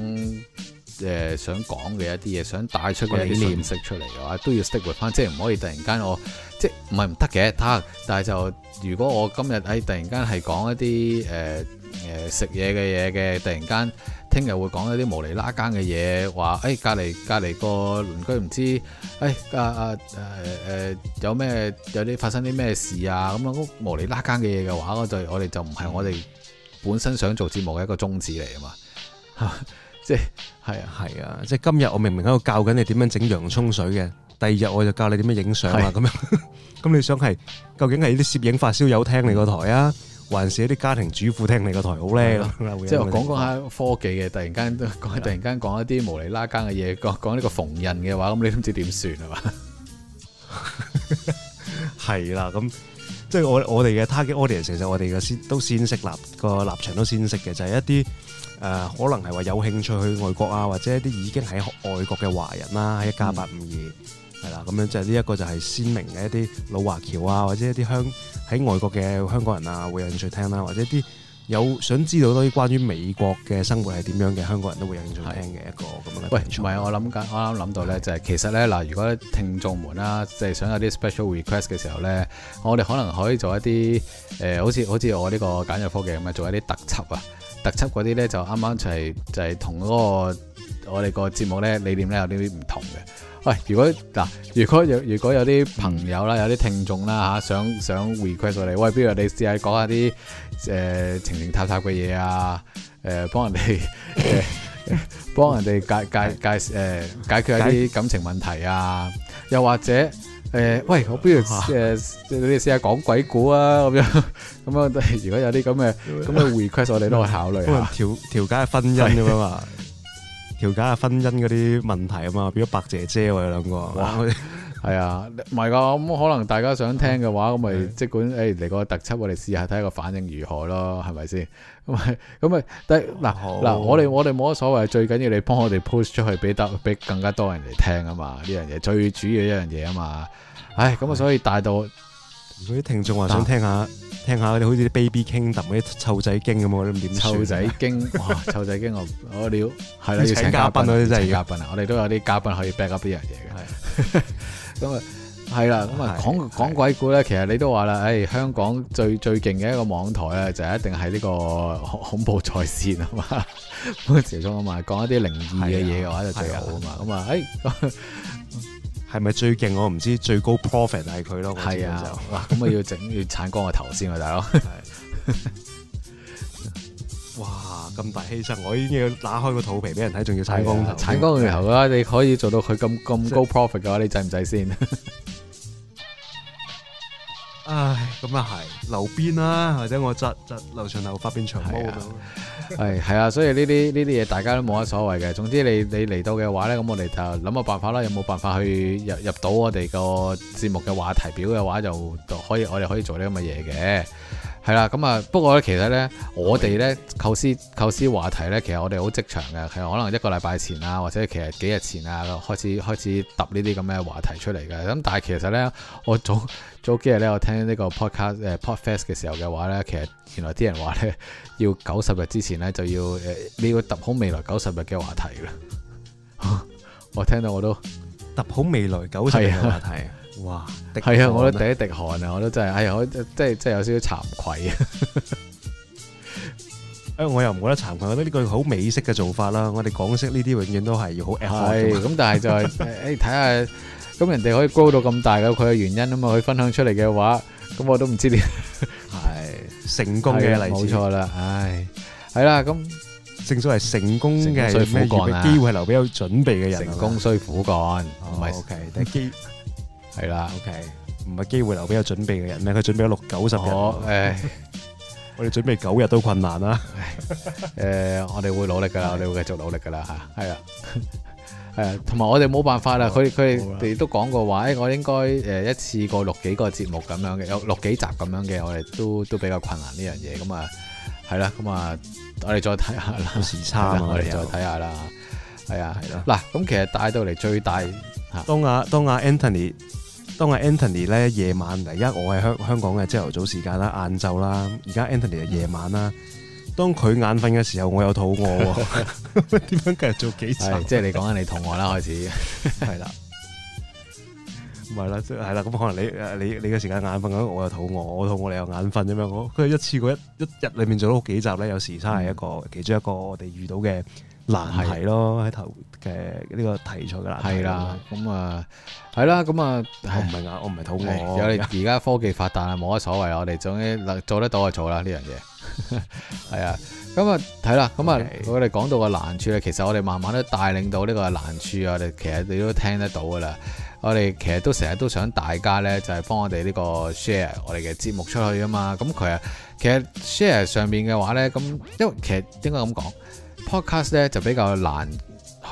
誒想講嘅一啲嘢，想帶出嗰啲知識出嚟嘅話，都要 stick with 回翻，即係唔可以突然間我即係唔係唔得嘅，但係就如果我今日誒、哎、突然間係講一啲誒。呃誒，食嘢嘅嘢嘅，突然間聽日會講一啲無厘拉更嘅嘢，話誒隔籬隔籬個鄰居唔知誒，啊啊誒誒，有咩有啲發生啲咩事啊？咁樣，無厘拉更嘅嘢嘅話，我就我哋就唔係我哋本身想做節目嘅一個宗旨嚟啊嘛，吓，即係係啊係啊，即係今日我明明喺度教緊你點樣整洋蔥水嘅，第二日我就教你點樣影相啊，咁樣，咁你想係究竟係啲攝影發燒友聽你個台啊？還是一啲家庭主婦聽你個台好叻咯，即係講講下科技嘅，突然間講突然間講一啲無厘啦更嘅嘢，講講呢個縫紉嘅話，咁你都唔知點算係嘛？係啦，咁即係我我哋嘅 target audience，其實我哋嘅先都先識立個立場都先識嘅，就係一啲誒可能係話有興趣去外國啊，或者一啲已經喺外國嘅華人啦，喺一家852。係啦，咁樣就係呢一個就係鮮明嘅一啲老華僑啊，或者一啲香喺外國嘅香港人啊，會有興趣聽啦、啊，或者啲有想知道多啲關於美國嘅生活係點樣嘅香港人都會有興趣聽嘅一個咁樣。喂，唔係，我諗緊，我啱啱諗到咧、就係，就係其實咧嗱，如果聽眾們啦，即、就、係、係、想有啲 special request 嘅時候咧，我哋可能可以做一啲誒、呃，好似好似我呢個簡約科技咁啊，做一啲特輯啊，特輯嗰啲咧就啱啱就係、係、就係同嗰個我哋個節目咧理念咧有啲啲唔同嘅。喂、啊，如果嗱、啊，如果有如果有啲朋友啦，有啲聽眾啦吓，想想回 e 我哋，喂，不如我哋試下講下啲誒情情塔塔嘅嘢啊，誒、呃、幫人哋誒 幫人哋解解解誒、呃、解決一啲感情問題啊，又或者誒、呃、喂，我不如誒、啊、你哋試下講鬼故啊，咁樣咁樣，如果有啲咁嘅咁嘅 r e 我哋都可以考慮下調調解婚姻咁啊嘛。 調解下婚姻嗰啲問題啊嘛，變咗白姐姐我哋兩個，係啊，唔係噶，咁 可能大家想聽嘅話，咁咪即管，誒，嚟、哎、個特輯，我哋試下睇下個反應如何咯，係咪先？咁咪咁咪第嗱嗱，我哋我哋冇乜所謂，最緊要你幫我哋 post 出去，俾得俾更加多人嚟聽啊嘛，呢樣嘢最主要一樣嘢啊嘛，唉，咁啊，所以大到嗰啲聽眾話，想聽下。聽下佢哋好似啲 baby kingdom 啲湊仔經咁，我哋點算？湊仔經，哇！湊仔經我我了，係啦，要請嘉賓啊，真係要嘉賓啊！我哋都有啲嘉賓可以 back up 呢樣嘢嘅。咁啊，係啦，咁啊講講鬼故咧，其實你都話啦，誒香港最最勁嘅一個網台咧，就一定係呢個恐怖在線啊嘛。時裝啊嘛，講一啲靈異嘅嘢嘅話就最好啊嘛。咁啊，誒。係咪最勁，我唔知，最高 profit 係佢咯。係啊，哇！咁啊要整 要鏟光個頭先啊，大佬。係， 哇！咁大犧牲，我已經要打開個肚皮俾人睇，仲要鏟光頭。鏟光個頭啦，你可以做到佢咁咁高 profit 嘅話，的你制唔制先？ 唉，咁又係留邊啦，或者我扎扎留長頭髮變長毛咁。係係啊， 啊，所以呢啲呢啲嘢大家都冇乜所謂嘅。總之你你嚟到嘅話咧，咁我哋就諗個辦法啦。有冇辦法去入入到我哋個節目嘅話題表嘅話，就可以我哋可以做啲咁嘅嘢嘅。係啦，咁啊，不過咧，其實咧，我哋咧構思構思話題咧，其實我哋好即場嘅，係可能一個禮拜前啊，或者其實幾日前啊，開始開始揼呢啲咁嘅話題出嚟嘅。咁但係其實咧，我早早幾日咧，我聽呢個 podcast 誒 podcast 嘅時候嘅話咧，其實原來啲人話咧，要九十日之前咧就要誒你要揼好未來九十日嘅話題啦。 我聽到我都揼好未來九十日嘅話題。哇，係啊！我都滴一滴汗啊！我都真係哎呀，我真係真係有少少慚愧啊！哎，我又唔覺得慚愧，我覺得呢句好美式嘅做法啦。我哋港式呢啲永遠都係要好 effort 嘅。咁但係就係，誒，睇下咁人哋可以 grow 到咁大嘅佢嘅原因啊嘛，佢分享出嚟嘅話，咁我都唔知點係成功嘅例子，冇錯啦。唉，係啦，咁正所謂成功嘅機會係留俾有準備嘅人，成功需苦幹。OK，但係機。係啦，OK，唔係機會留俾有準備嘅人咩？佢準備咗六九十日了，誒、哦， 我哋準備九日都困難啦。誒、 呃，我哋會努力噶啦，我哋會繼續努力噶啦吓，係啊，係啊，同埋我哋冇辦法啦。佢佢哋都講過話，誒、哎，我應該誒一次過錄幾個節目咁樣嘅，有錄幾集咁樣嘅，我哋都都比較困難呢樣嘢。咁啊，係啦，咁啊，我哋再睇下臨時差，我哋再睇下啦。係啊，係啦。嗱，咁其實帶到嚟最大，當亞、啊、當亞、啊啊、Anthony。當阿 Anthony 咧，夜晚，第一，我喺香香港嘅朝頭早時間啦、晏晝啦，而家 Anthony 係夜晚啦。當佢眼瞓嘅時候，我又肚餓，點 樣繼續做幾集？即係你講緊你肚餓啦開始。係 啦對了，唔係啦，即係係啦。咁可能你你你嘅時間眼瞓咁，我又肚餓，我肚餓你又眼瞓咁樣。我佢一次過一一日裏面做到幾集咧？有時差係一個、嗯、其中一個我哋遇到嘅難題咯喺、啊、頭。嘅呢、這個題材嘅難係啦，咁啊係啦，咁啊我唔係啊，我唔係討厭。有你而家科技發達，冇乜所謂。我哋總之做得到就做啦，呢樣嘢係啊。咁啊睇啦，咁啊、okay. 我哋講到個難處咧，其實我哋慢慢都帶領到呢個難處啊。我哋其實你都聽得到噶啦。我哋其實都成日都想大家咧，就係、是、幫我哋呢個 share 我哋嘅節目出去啊嘛。咁佢啊，其實 share 上面嘅話咧，咁因為其實應該咁講 podcast 咧、啊、就比較難。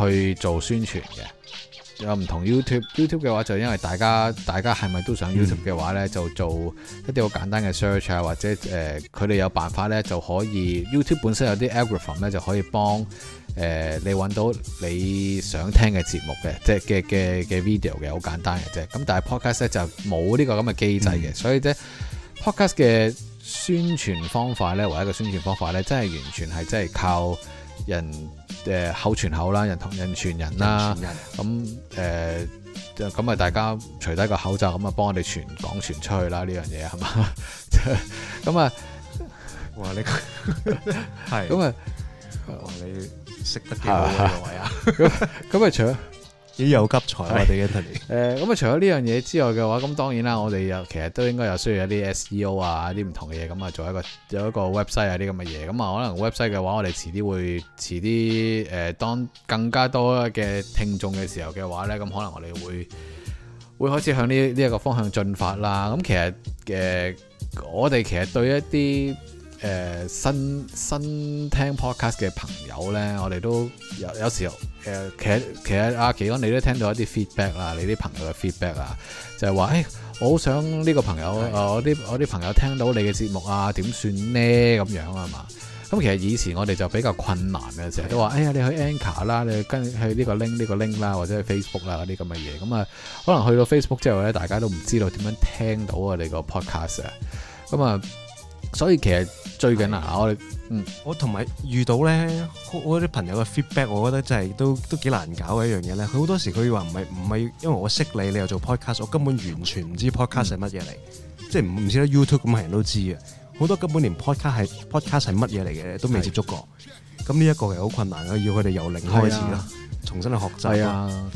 去做宣傳嘅，有唔同 YouTube。YouTube 嘅話就因為大家，大家係咪都想 YouTube 嘅話呢、嗯、就做一啲好簡單嘅 search 啊，或者誒，佢、呃、哋有辦法呢，就可以 YouTube 本身有啲 algorithm 呢，就可以幫、呃、你揾到你想聽嘅節目嘅，即係嘅嘅嘅 video 嘅，好簡單嘅啫。咁但係 podcast 呢，就冇呢個咁嘅機制嘅、嗯，所以呢 podcast 嘅宣傳方法呢，或者個宣傳方法呢，真係完全係真係靠人。誒、呃、口傳口啦，人同人傳人啦，咁誒就咁啊！大家除低個口罩，咁啊幫我哋傳講傳出去啦！呢樣嘢係嘛？咁 啊，哇你係咁 樣啊， 哇你識得幾多啊？咁咁啊除咗。 啲有急才啊、 呃！我哋嘅 Anthony 咁啊，除咗呢樣嘢之外嘅話，咁當然啦，我哋又其實都應該有需要一啲 SEO 啊，一啲唔同嘅嘢咁啊，做一個做一個 website 啊啲咁嘅嘢，咁啊可能 website 嘅話，我哋遲啲會遲啲誒，當更加多嘅聽眾嘅時候嘅話呢，咁可能我哋會會開始向呢呢一個方向進發啦。咁其實嘅、呃，我哋其實對一啲。呃、新新聽 podcast 嘅朋友咧，我哋都有有時候、呃、其實其實阿奇哥你都聽到一啲 feedback 啦，你啲朋友嘅 feedback 啊，就係、是、話、欸、我好想呢個朋友，的啊、我啲我啲朋友聽到你嘅節目啊，點算呢？這樣」咁樣啊嘛？咁其實以前我哋就比較困難嘅，成日都話，哎呀，你去 anchor 啦，你跟去呢個 link 呢個 link 啦，或者去 Facebook 啦嗰啲咁嘅嘢，咁啊、嗯、可能去到 Facebook 之後咧，大家都唔知道點樣聽到我哋個 podcast 啊、嗯，咁、嗯、啊～所以其實最緊要啊、嗯，我我同埋遇到咧，我啲朋友嘅 feedback，我覺得真係都都幾難搞嘅一樣嘢咧。佢好多時佢話唔係唔係，因為我識你，你又做 podcast，我根本完全唔知 podcast 係乜嘢嚟，即係唔唔似得 YouTube 咁係人都知嘅。好多根本連 podcast 係 podcast 係乜嘢嚟嘅都未接觸過。咁呢一個係好困難嘅，要佢哋由零開始咯，重新去學習。係啊，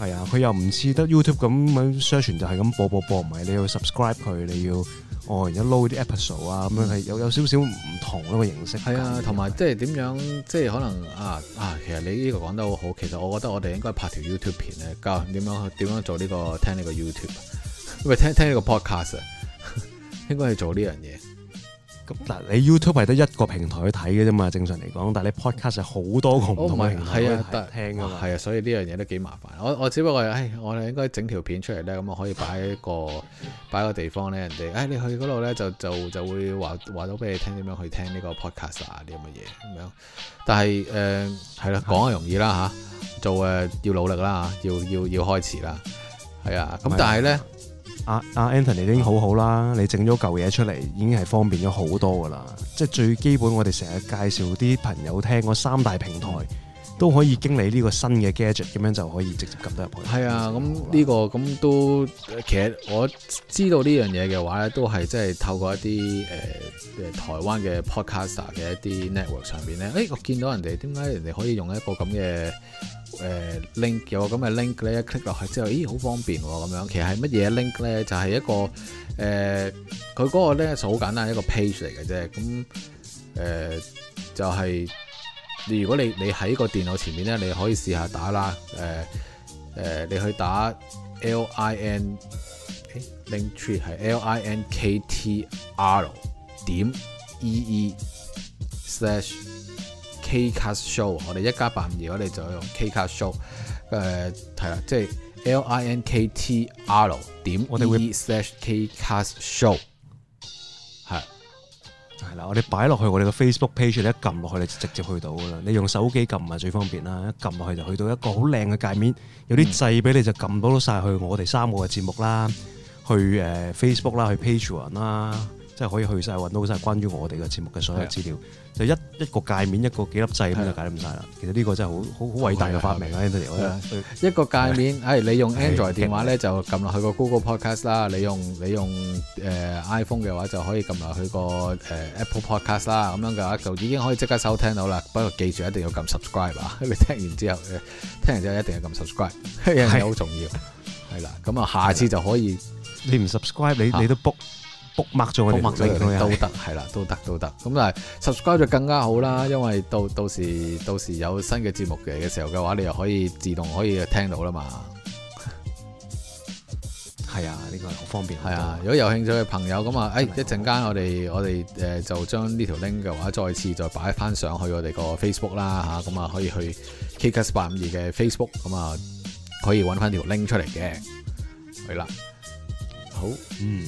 係啊，佢又唔似得 YouTube 咁樣 search 就係咁播播播，唔係你要 subscribe 佢，你要。哦，而家 load 啲 episode 啊，咁樣係有有少少唔同咯，個形式。係啊，同埋、啊、即係點樣，即係可能啊啊，其實你呢個講得好好。其實我覺得我哋應該拍條 YouTube 片咧，教點樣去點樣做呢、呢個聽呢個 YouTube，咪聽聽呢個 Podcast，啊，應該去做呢樣嘢。咁嗱，你 YouTube 係得一個平台去睇嘅啫嘛，正常嚟講。但係你 Podcast 好多個唔同嘅平台去聽㗎嘛，係、oh, 啊，啊，所以呢樣嘢都幾麻煩。我我只不過誒，我哋應該整條片出嚟咧，咁、嗯、我可以擺一個擺一個地方咧，人哋誒你去嗰度咧就就就會話話咗俾你聽點樣去聽呢個 Podcast 啊啲咁嘅嘢咁樣。但係誒係啦，講、呃、係、啊、容易啦吓、啊，做誒要努力啦要要要開始啦，係啊。咁、嗯啊、但係咧。阿阿 Anthony 已經好好啦、嗯，你整咗嚿嘢出嚟已經係方便咗好多噶啦。即係最基本，我哋成日介紹啲朋友聽嗰三大平台都可以經理呢個新嘅 gadget，咁樣就可以直接撳得入去。係啊，咁呢、呢個咁都其實我知道呢樣嘢嘅話咧，都係即係透過一啲、呃、台灣嘅 podcaster 嘅一啲 network 上面。咧、欸，誒我見到人哋點解人哋可以用一個咁嘅。誒、呃、link 有個咁嘅 link 咧，一 click 落去之後，咦、欸、好方便喎、啊、咁樣。其實係乜嘢 link 咧？就係、是、一個誒，佢、呃、嗰個咧就好簡單，一個 page 嚟嘅啫。咁誒、呃、就係、是、你如果你你喺個電腦前面咧，你可以試下打啦。誒、呃、誒、呃，你去打 L I、欸、N link tree 係 L I N K T R 點 E E slash Kcast Show，我哋一家八五二我哋就用 Kcast Show，誒係啦，即係 linktree 點我哋會 slash Kcast Show，係係啦，我哋擺落去我哋個 Facebook page，一撳落去你就直接去到噶啦。你用手機撳咪最方便啦，一撳落去就去到一個好靚嘅界面，有啲掣俾你就撳到晒去我哋三個嘅節目啦，嗯、去誒 Facebook 啦，去 Patreon 啦。即係可以去曬，揾到曬關於我哋嘅節目嘅所有資料。就一一個界面，一個幾粒掣咁就解咗唔曬啦。其實呢個真係好好好偉大嘅發明啊！Android，一個界面，誒你用 Android 電話咧就撳落去個 Google Podcast 啦。你用你用誒 iPhone 嘅話就可以撳落去個誒 Apple Podcast 啦。咁樣嘅話就已經可以即刻收聽到啦。不過記住一定要撳 subscribe 啊！你聽完之後誒，聽完之後一定要撳 subscribe，一樣嘢好重要。係啦，咁啊，下次就可以。你唔 subscribe，你你都 book。Bookmark 咗我哋都得。係啦，都得都得。咁但係 subscribe 就更加好啦。因為到到時到時有新嘅節目嚟嘅時候嘅話，你又可以自動可以聽到啦嘛。係 啊，呢、這個好方便。係啊，如果有興趣嘅朋友咁啊，誒，一陣間我哋我哋誒就將呢條 link 嘅話再次再擺翻上去我哋個 Facebook 啦，吓咁啊可以去 KCast 八五二嘅 Facebook，咁啊可以搵翻條 link 出嚟嘅。係啦，好，嗯。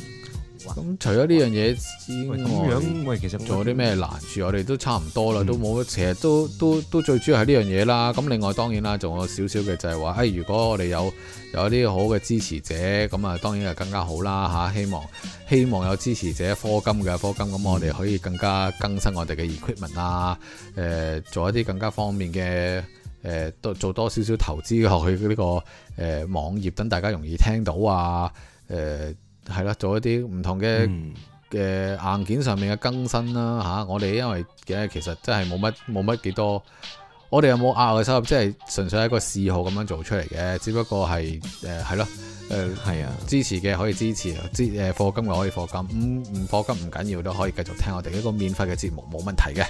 咁除咗呢樣嘢之外，喂樣喂其實仲有啲咩難處？我哋都差唔多啦、嗯，都冇，其實都都都最主要係呢樣嘢啦。咁另外當然啦，仲有少少嘅就係話，誒、哎，如果我哋有有啲好嘅支持者，咁啊，當然係更加好啦，吓、啊，希望希望有支持者科金嘅科金，咁我哋可以更加更新我哋嘅 equipment 啊，誒、嗯呃，做一啲更加方便嘅，誒、呃，多做多少少投資落去呢、這個誒、呃、網頁，等大家容易聽到啊，誒、呃。係啦，做一啲唔同嘅嘅、嗯、硬件上面嘅更新啦嚇、啊，我哋因為嘅其實真係冇乜冇乜幾多，我哋有冇額外嘅收入，即係純粹係一個嗜好咁樣做出嚟嘅，只不過係誒係咯，誒係啊，支持嘅可以支持，支誒課金嘅可以課金，唔唔課金唔緊要都可以繼續聽我哋一、這個免費嘅節目，冇問題嘅。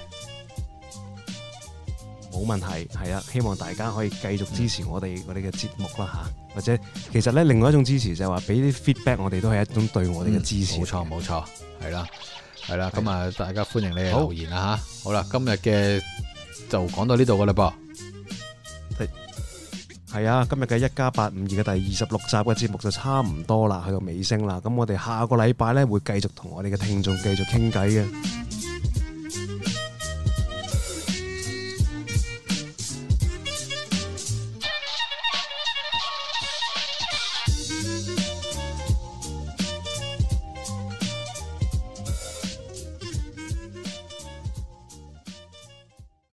冇問題，係啦，希望大家可以繼續支持我哋嗰啲嘅節目啦嚇、嗯，或者其實咧另外一種支持就係話俾啲 feedback，我哋都係一種對我哋嘅支持。冇錯冇錯，係啦係啦，咁啊大家歡迎你留言啦吓，好啦、啊，今日嘅就講到呢度噶啦噃，係啊，今日嘅一加八五二嘅第二十六集嘅節目就差唔多啦，去到尾聲啦。咁我哋下個禮拜咧會繼續同我哋嘅聽眾繼續傾偈嘅。